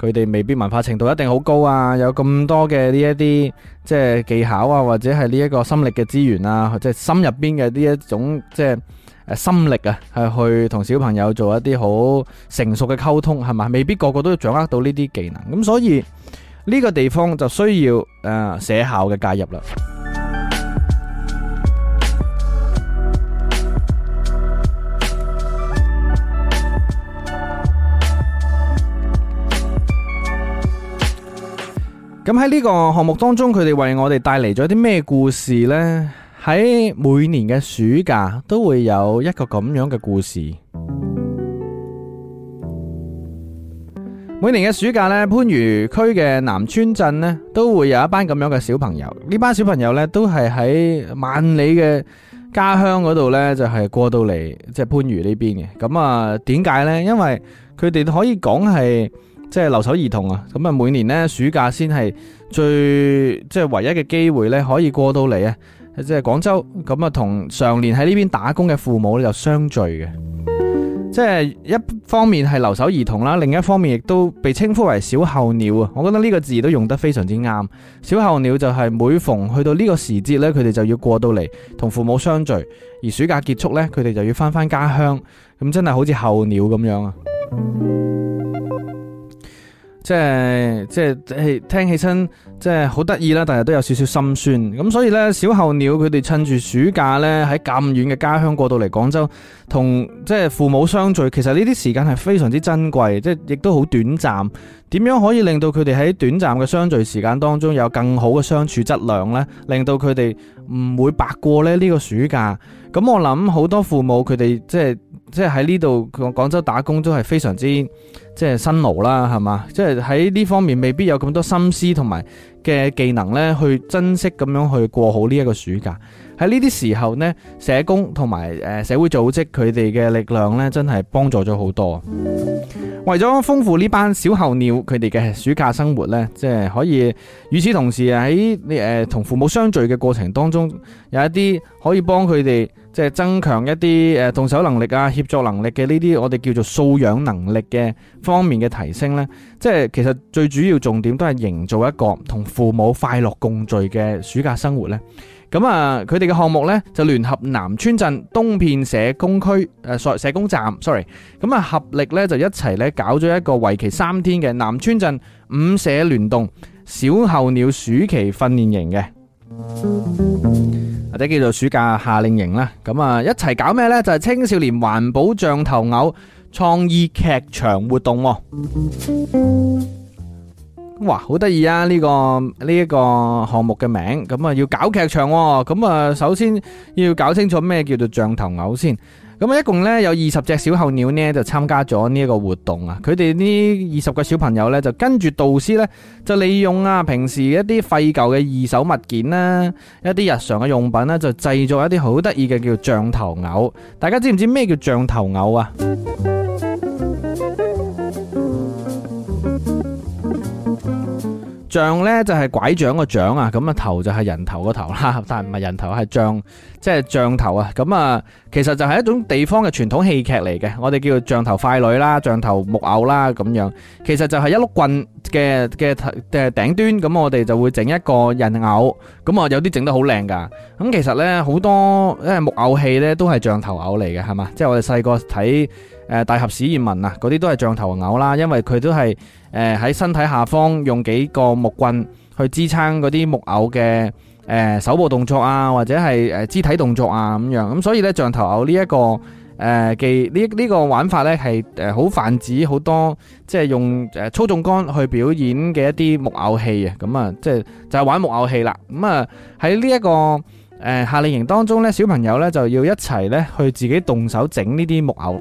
佢哋未必文化程度一定好高啊，有咁多嘅呢一啲即係技巧啊，或者係呢一個心力嘅資源啊，即係心入邊嘅呢一種即係誒心力啊，係去同小朋友做一啲好成熟嘅溝通，係咪？未必個個都要掌握到呢啲技能，咁所以呢個地方就需要誒社校嘅介入啦。咁喺呢個項目當中，佢哋為我哋帶嚟咗啲咩故事呢？喺每年嘅暑假都會有一個咁樣嘅故事。每年嘅暑假呢，番禺區嘅南村鎮呢都會有一班咁樣嘅小朋友。呢班小朋友呢都係喺萬里嘅家鄉嗰度呢，就係、是、過到嚟即係番禺呢邊嘅。咁啊，點解呢？因為佢哋可以講係。即係留守兒童啊，咁啊每年呢，暑假先係最即係唯一嘅機會呢，可以過到嚟啊！即係廣州咁啊，同常年喺呢邊打工嘅父母呢就相聚嘅。即係一方面係留守兒童啦，另一方面亦都被稱呼為小候鳥啊。我覺得呢個字都用得非常之啱。小候鳥就係每逢去到呢個時節呢，佢哋就要過到嚟同父母相聚，而暑假結束呢，佢哋就要翻翻家鄉。咁真係好似候鳥咁樣啊！即係，即係，即係，聽起身。即係好得意啦，但係都有少少心酸。咁所以呢，小候鳥佢哋趁住暑假呢，喺咁遠嘅家鄉過到嚟廣州，同即係父母相聚。其實呢啲時間係非常之珍貴，即係亦都好短暫。點樣可以令到佢哋喺短暫嘅相聚時間當中有更好嘅相處質量呢？令到佢哋唔會白過呢、呢個暑假。咁我諗好多父母佢哋即係即係喺呢度廣廣州打工都係非常之即係辛勞啦，係嘛？即係喺呢方面未必有咁多心思同埋。嘅技能咧，去珍惜咁樣去過好呢一個暑假。喺呢啲時候呢，社工同埋誒社會組織佢哋嘅力量呢，真係幫助咗好多。為咗豐富呢班小候鳥佢哋嘅暑假生活呢，即係可以。與此同時啊，喺你誒同父母相聚嘅過程當中，有一啲可以幫佢哋即係增強一啲誒動手能力啊、協作能力嘅呢啲，我哋叫做素養能力嘅方面嘅提升呢，即係其實最主要重點都係營造一個同父母快樂共聚嘅暑假生活呢。咁啊，佢哋嘅項目咧就聯合南村鎮東片社工區誒社社工站，sorry，咁啊合力咧就一齊咧搞咗一個為期三天嘅南村鎮五社聯動小候鳥暑期訓練營嘅，或者叫做暑假夏令營啦。咁啊一齊搞咩咧？就係青少年環保象頭偶創意劇場活動喎。哇，好得意啊！呢、這個呢，一、這個項目嘅名，咁啊要搞劇場、哦，咁啊首先要搞清楚咩叫做象頭偶先。咁啊一共呢，有二十隻小候鳥呢就參加咗呢一個活動啊。佢哋呢二十個小朋友呢就跟住導師呢，就利用啊平時一啲廢舊嘅二手物件啦，一啲日常嘅用品呢，就製作一啲好得意嘅，叫象頭偶。大家知唔知咩叫象頭偶啊？杖咧就係拐杖個杖啊，咁啊頭就係人頭個頭啦，但係唔係人頭，係誒喺身體下方用幾個木棍去支撐嗰啲木偶嘅誒手部動作啊，或者係誒肢體動作啊咁樣，咁所以咧象頭偶呢一個誒技呢呢個玩法咧係誒好泛指好多，即係用誒操縱杆去表演嘅一啲木偶戲啊，咁啊即係就係玩木偶戲啦，咁啊喺呢一個，誒，夏令營當中咧，小朋友咧就要一齊咧去自己動手整呢啲木偶，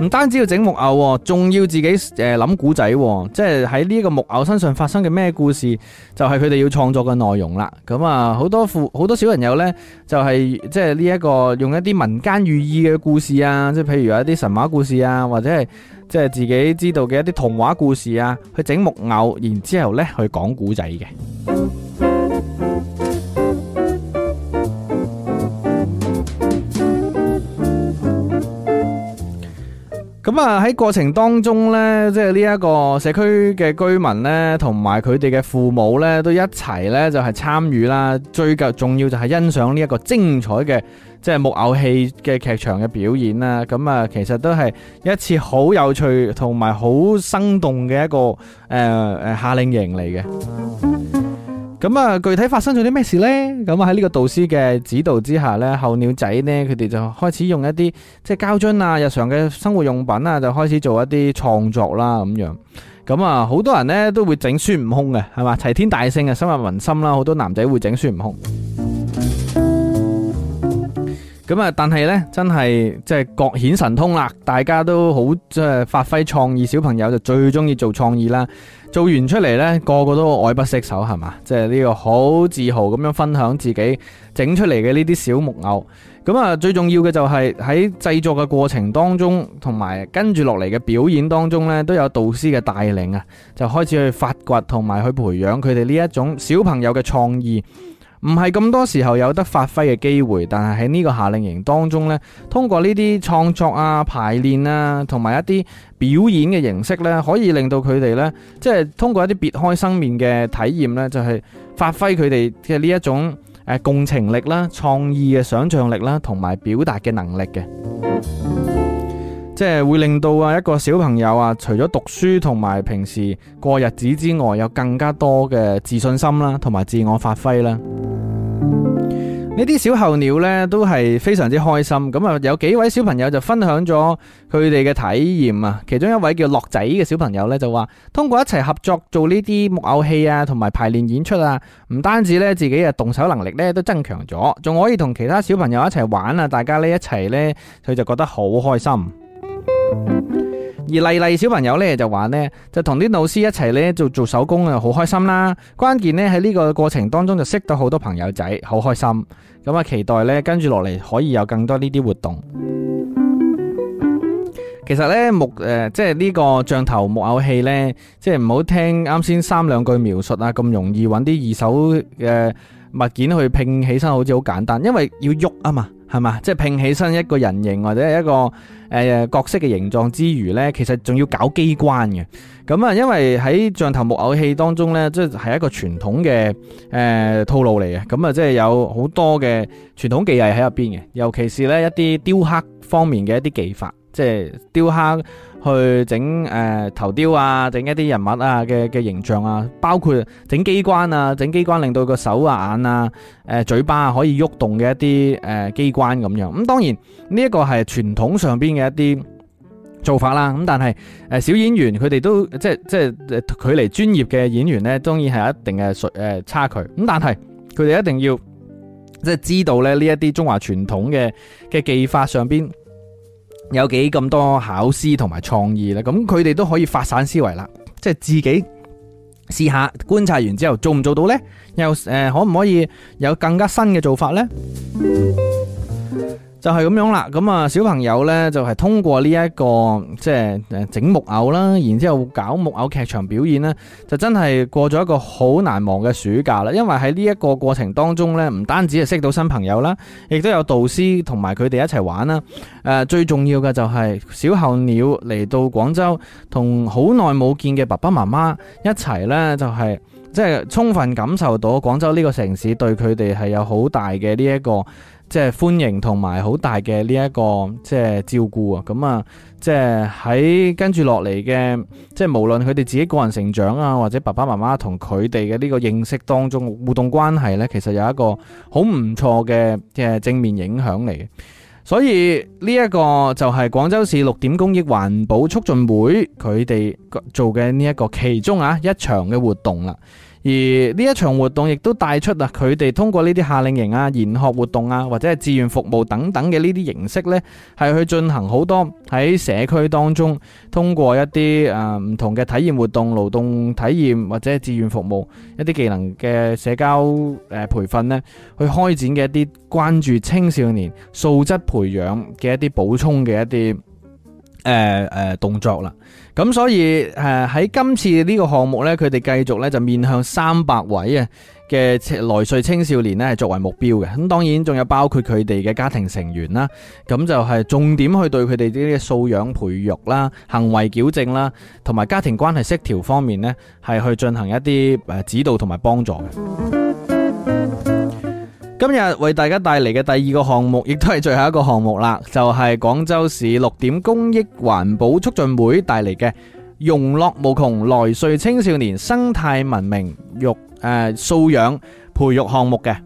唔單止要整木偶，仲要自己誒諗故仔，即係喺呢一個木偶身上發生嘅咩故事，就係佢哋要創作嘅內容啦。咁啊，好多父好多小朋友呢，就係即係呢一個用一啲民間寓意嘅故事啊，即係譬如一啲神話故事啊，或者係即係自己知道嘅一啲童話故事啊，去整木偶，然之後咧去講古仔嘅。咁啊，喺過程當中呢，即係呢一個社區嘅居民呢，同埋佢哋嘅父母呢，都一齊呢，就係、是、參與啦。最及重要就係欣賞呢一個精彩嘅即係木偶戲嘅劇場嘅表演啦。咁啊，其實都係一次好有趣同埋好生動嘅一個誒誒、呃、夏令營嚟嘅。咁啊，具體發生咗啲咩事呢？咁啊，喺呢個導師嘅指導之下呢，候鳥仔呢，佢哋就開始用一啲即係膠樽啊、日常嘅生活用品啊，就開始做一啲創作啦，咁樣。咁啊，好多人呢都會整孫悟空嘅，係嘛？齊天大聖啊，深入民心啦，好多男仔會整孫悟空。咁啊！但係呢真係即係各顯神通啦！大家都好即係發揮創意，小朋友就最中意做創意啦。做完出嚟呢個個都愛不釋手係嘛？即係呢個好自豪咁樣分享自己整出嚟嘅呢啲小木偶。咁啊，最重要嘅就係喺製作嘅過程當中，同埋跟住落嚟嘅表演當中呢，都有導師嘅帶領啊，就開始去發掘同埋去培養佢哋呢一種小朋友嘅創意。唔係咁多時候有得發揮嘅機會，但係喺呢個夏令營當中呢，通過呢啲創作啊、排練啦、啊，同埋一啲表演嘅形式呢，可以令到佢哋呢，即係通過一啲別開生面嘅體驗呢，就係、是、發揮佢哋嘅呢一種誒、呃、共情力啦、創意嘅想象力啦，同埋表達嘅能力嘅。即係會令到啊一個小朋友啊，除咗讀書同埋平時過日子之外，有更加多嘅自信心啦，同埋自我發揮啦。呢啲小候鳥呢，都係非常之開心。咁啊，有幾位小朋友就分享咗佢哋嘅體驗啊。其中一位叫樂仔嘅小朋友呢，就話，通過一齊合作做呢啲木偶戲啊，同埋排練演出啊，唔單止呢自己嘅動手能力呢都增強咗，仲可以同其他小朋友一齊玩啊。大家呢一齊呢，佢就覺得好開心。而麗麗小朋友呢，就話呢，就同啲老師一齊呢，做做手工啊，好開心啦！關鍵呢，喺呢個過程當中就識到好多朋友仔，好開心。咁啊，期待呢，跟住落嚟可以有更多呢啲活動。其實呢，木誒，呃，即係呢個杖頭木偶戲呢，即係唔好聽啱先三兩句描述啊，咁容易揾啲二手嘅物件去拼起身，好似好簡單，因為要喐啊嘛。係嘛，即係拼起身一個人形，或者係一個誒、呃、角色嘅形狀之餘呢，其實仲要搞機關嘅。咁、嗯、啊，因為喺杖頭木偶戲當中呢，即係一個傳統嘅誒、呃、套路嚟嘅。咁、嗯、啊，即係有好多嘅傳統技藝喺入邊嘅，尤其是呢一啲雕刻方面嘅一啲技法，即係雕刻去整誒、呃、頭雕啊，整一啲人物啊嘅嘅形象啊，包括整機關啊，整機關令到個手啊、眼啊、誒、呃、嘴巴啊可以喐動嘅一啲誒、呃、機關咁樣。咁、嗯、當然呢一個係傳統上邊嘅一啲做法啦。咁、嗯、但係誒、呃、小演員佢哋都即係即係距離專業嘅演員呢，當然係有一定嘅誒、呃、差距。咁、嗯、但係佢哋一定要即係知道咧呢一啲中華傳統嘅嘅技法上邊有幾咁多巧思同埋創意咧，咁佢哋都可以發散思維啦，即係自己試下觀察完之後做唔做到呢？又、呃、可唔可以有更加新嘅做法呢？就係咁樣啦，咁啊小朋友呢，就係通過呢一個即係整木偶啦，然之後搞木偶劇場表演呢，就真係過咗一個好難忘嘅暑假啦。因為喺呢一個過程當中呢，唔單止係識到新朋友啦，亦都有導師同埋佢哋一齊玩啦。誒，最重要嘅就係小候鳥嚟到廣州，同好耐冇見嘅爸爸媽媽一齊呢，就係即係充分感受到廣州呢個城市對佢哋係有好大嘅呢一個。即係歡迎同埋好大嘅呢一個即係照顧啊，咁啊，即係喺跟住落嚟嘅，即係無論佢哋自己個人成長啊，或者爸爸媽媽同佢哋嘅呢個認識當中互動關係呢，其實有一個好唔錯嘅即正面影響嚟。所以呢一個就係廣州市六點公益環保促進會佢哋做嘅呢一個其中啊一場嘅活動啦。而呢一場活動亦都帶出啊，佢哋通過呢啲夏令營啊、研學活動啊，或者係志願服務等等嘅呢啲形式呢，係去進行好多喺社區當中通過一啲呃、唔同嘅體驗活動、勞動體驗或者係志願服務一啲技能嘅社交、呃、培訓呢，去開展嘅一啲關注青少年素質培養嘅一啲補充嘅一啲。誒、呃、誒、呃，動作啦，咁所以誒喺、呃、今次呢個項目呢，佢哋繼續呢就面向三百位啊嘅來穗青少年呢，係作為目標嘅。咁當然仲有包括佢哋嘅家庭成員啦，咁就係重點去對佢哋啲嘅素養培育啦、行為矯正啦，同埋家庭關係失調方面呢，係去進行一啲誒指導同埋幫助。今日為大家帶嚟嘅第二個項目，亦都係最後一個項目啦，就係廣州市六點公益環保促進會帶嚟嘅“融樂無窮，來穗青少年生態文明育誒素養培育項目”嘅。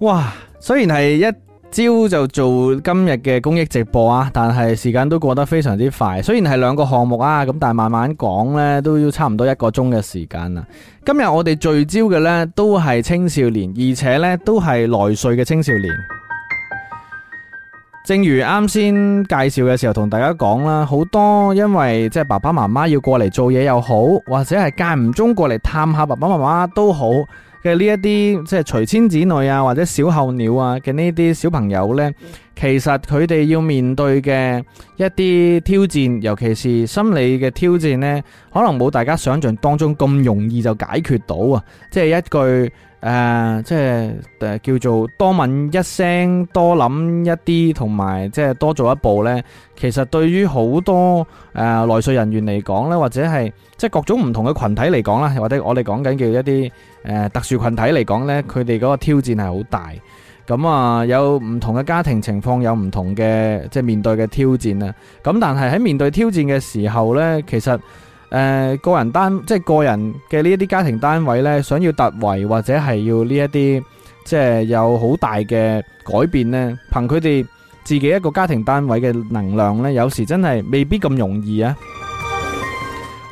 哇，雖然係一。朝就做今日嘅公益直播啊，但係時間都過得非常之快。雖然係兩個項目啊，咁但係慢慢講呢，都要差唔多一個鐘嘅時間啦。今日我哋聚焦嘅呢，都係青少年，而且呢，都係來穗嘅青少年。 正如啱先介紹嘅時候同大家講啦，好多因為即係、就是、爸爸媽媽要過嚟做嘢又好，或者係間唔中過嚟探下爸爸媽媽都好。嘅呢一啲即係隨遷子女啊，或者小候鳥啊嘅呢啲小朋友呢，其實佢哋要面對嘅一啲挑戰，尤其是心理嘅挑戰呢，可能冇大家想象當中咁容易就解決到啊。即係一句。誒、呃，即係誒、呃，叫做多問一聲，多諗一啲，同埋即係多做一步呢，其實對於好多誒內、呃、稅人員嚟講呢，或者係即係各種唔同嘅群體嚟講啦，或者我哋講緊叫一啲誒、呃、特殊群體嚟講呢，佢哋嗰個挑戰係好大。咁啊、呃，有唔同嘅家庭情況，有唔同嘅即係面對嘅挑戰啊。咁但係喺面對挑戰嘅時候呢，其實。誒、呃，個人單，即係個人嘅呢一啲家庭單位呢，想要突圍或者係要呢一啲即係有好大嘅改變呢，憑佢哋自己一個家庭單位嘅能量呢，有時真係未必咁容易啊！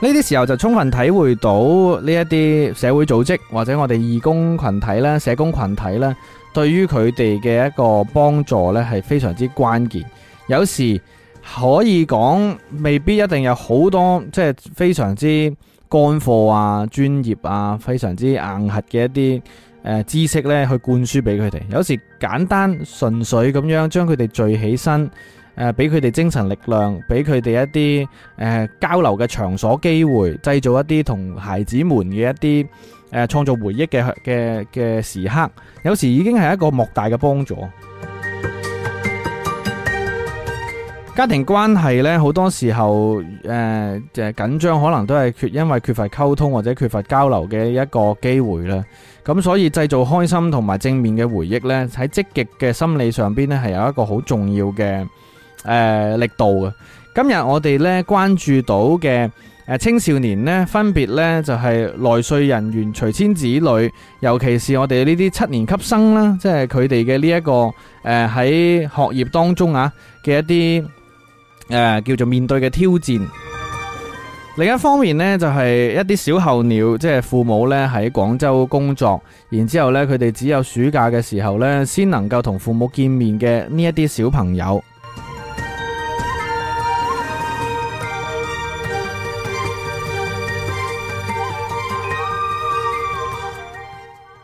呢啲時候就充分體會到呢一啲社會組織或者我哋義工群體啦、社工群體啦，對於佢哋嘅一個幫助呢，係非常之關鍵。有時。可以講未必一定有好多即係非常之乾貨啊、專業啊、非常之硬核嘅一啲誒、呃、知識呢去灌輸俾佢哋。有時簡單純粹咁樣將佢哋聚起身，誒俾佢哋精神力量，俾佢哋一啲誒、呃、交流嘅場所機會，製造一啲同孩子們嘅一啲誒、呃、創造回憶嘅嘅嘅時刻，有時已經係一個莫大嘅幫助。家庭關係咧，好多時候，誒就係緊張，可能都係缺，因為缺乏溝通或者缺乏交流嘅一個機會啦。咁所以製造開心同埋正面嘅回憶咧，喺積極嘅心理上邊咧，係有一個好重要嘅誒力度嘅。今日我哋咧關注到嘅誒青少年咧，分別咧就係內退人員、隨遷子女，尤其是我哋呢啲七年級生啦，即係佢哋嘅呢一個誒喺學業當中啊嘅一啲。誒、呃，叫做面對嘅挑戰。另一方面呢，就係、是、一啲小候鳥，即、就、係、是、父母呢喺廣州工作，然之後咧佢哋只有暑假嘅時候呢先能夠同父母見面嘅呢一啲小朋友。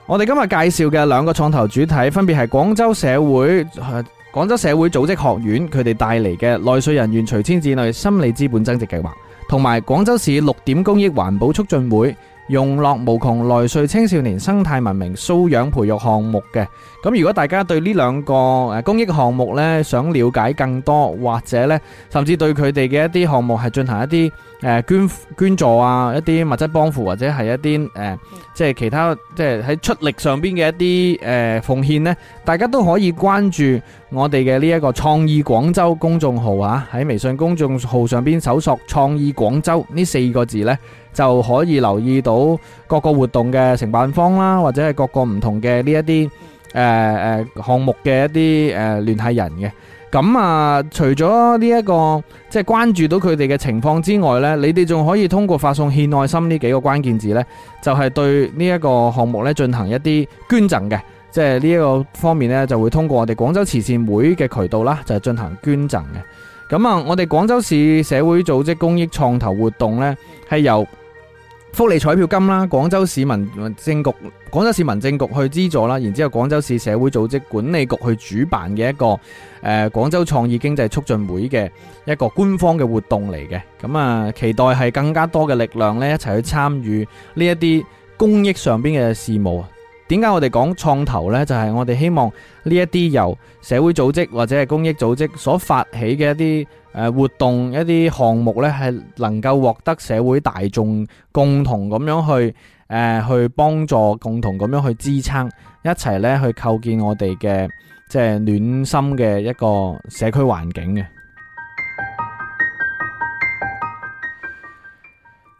我哋今日介紹嘅兩個創投主體，分別係廣州社會。呃廣州社會組織學院，佢哋帶嚟嘅來穗人員隨遷子女心理資本增值計劃，同埋廣州市六點公益環保促進會。用樂無窮，來穗青少年生態文明素養培育項目嘅。咁如果大家對呢兩個誒公益項目呢，想了解更多，或者呢，甚至對佢哋嘅一啲項目係進行一啲誒捐捐助啊，一啲物質幫扶，或者係一啲誒即係其他即係喺出力上邊嘅一啲誒奉獻呢，大家都可以關注我哋嘅呢一個創意廣州公眾號啊，喺微信公眾號上邊搜索創意廣州呢四個字呢。就可以留意到各個活動嘅承辦方啦，或者係各個唔同嘅呢一啲誒誒項目嘅一啲誒聯繫人嘅。咁啊，除咗呢一個即係關注到佢哋嘅情況之外咧，你哋仲可以通過發送獻愛心呢幾個關鍵字咧，就係對呢一個項目咧進行一啲捐贈嘅。即係呢一個方面咧，就會通過我哋廣州慈善會嘅渠道啦，就係進行捐贈嘅。咁啊，我哋廣州市社會組織公益創投活動咧係由福利彩票金啦，廣州市民政局、廣州市民政局去資助啦，然之後廣州市社會組織管理局去主辦嘅一個誒廣州創意經濟促進會嘅一個官方嘅活動嚟嘅，咁、嗯、啊期待係更加多嘅力量咧一齊去參與呢一啲公益上邊嘅事務啊。點解我哋講創投咧？就係、是、我哋希望呢一啲由社會組織或者係公益組織所發起嘅一啲。誒，活動一啲項目咧，係能夠獲得社會大眾共同咁樣去誒，去幫助，共同咁樣去支撐，一齊咧去構建我哋嘅即係暖心嘅一個社區環境嘅。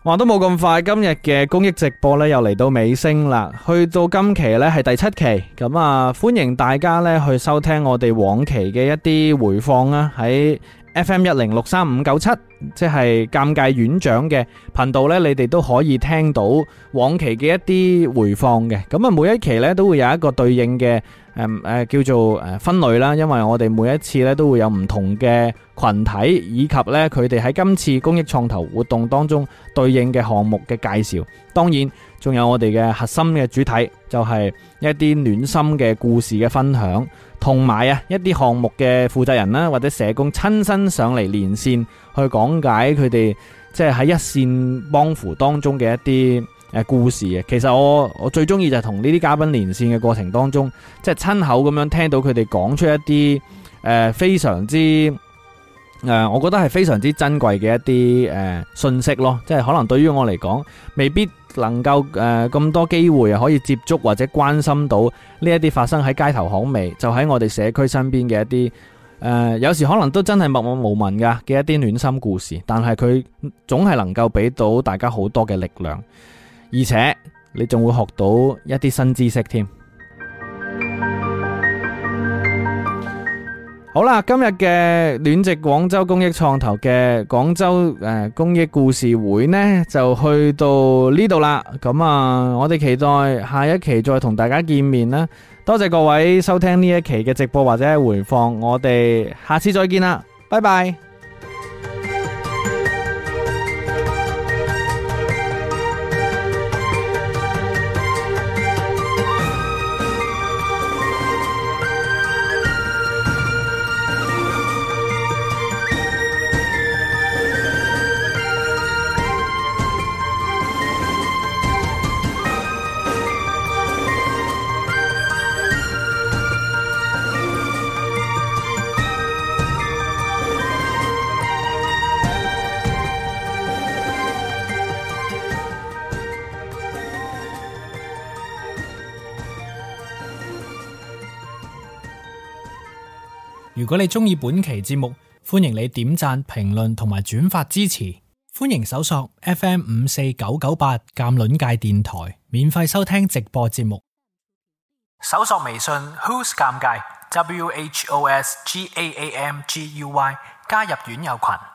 話都冇咁快，今日嘅公益直播咧又嚟到尾聲啦。去到今期咧係第七期，咁啊歡迎大家咧去收聽我哋往期嘅一啲回放啦，喺～F.M. 一零六三五九七，即係尷尬院長嘅頻道呢，你哋都可以聽到往期嘅一啲回放嘅。咁啊，每一期呢都會有一個對應嘅，誒、嗯、誒、呃，叫做誒分類啦。因為我哋每一次呢都會有唔同嘅群體，以及呢佢哋喺今次公益創投活動當中對應嘅項目嘅介紹。當然，仲有我哋嘅核心嘅主體，就係、是、一啲暖心嘅故事嘅分享。同埋啊，一啲項目嘅負責人啦，或者社工親身上嚟連線，去講解佢哋即係喺一線幫扶當中嘅一啲誒故事。其實我我最中意就係同呢啲嘉賓連線嘅過程當中，即係親口咁樣聽到佢哋講出一啲誒非常之誒，我覺得係非常之珍貴嘅一啲信息咯。即係可能對於我嚟講，未必。能夠誒咁多機會啊，可以接觸或者關心到呢一啲發生喺街頭巷尾，就喺我哋社區身邊嘅一啲誒、呃，有時可能都真係默默無聞噶嘅一啲暖心故事，但係佢總係能夠俾到大家好多嘅力量，而且你仲會學到一啲新知識添。好啦，今日嘅暖席廣州公益創投嘅廣州誒、呃、公益故事會呢，就去到呢度啦。咁啊，我哋期待下一期再同大家見面啦。多謝各位收聽呢一期嘅直播或者回放，我哋下次再見啦，拜拜。如果你鍾意本期節目，歡迎你點讚、評論同埋轉發支持。歡迎搜索 FM 五四九九八《鑑論界電台》，免費收聽直播節目。搜索微信 Who's 尷尬 W H O S G A A M G U Y，加入院友群。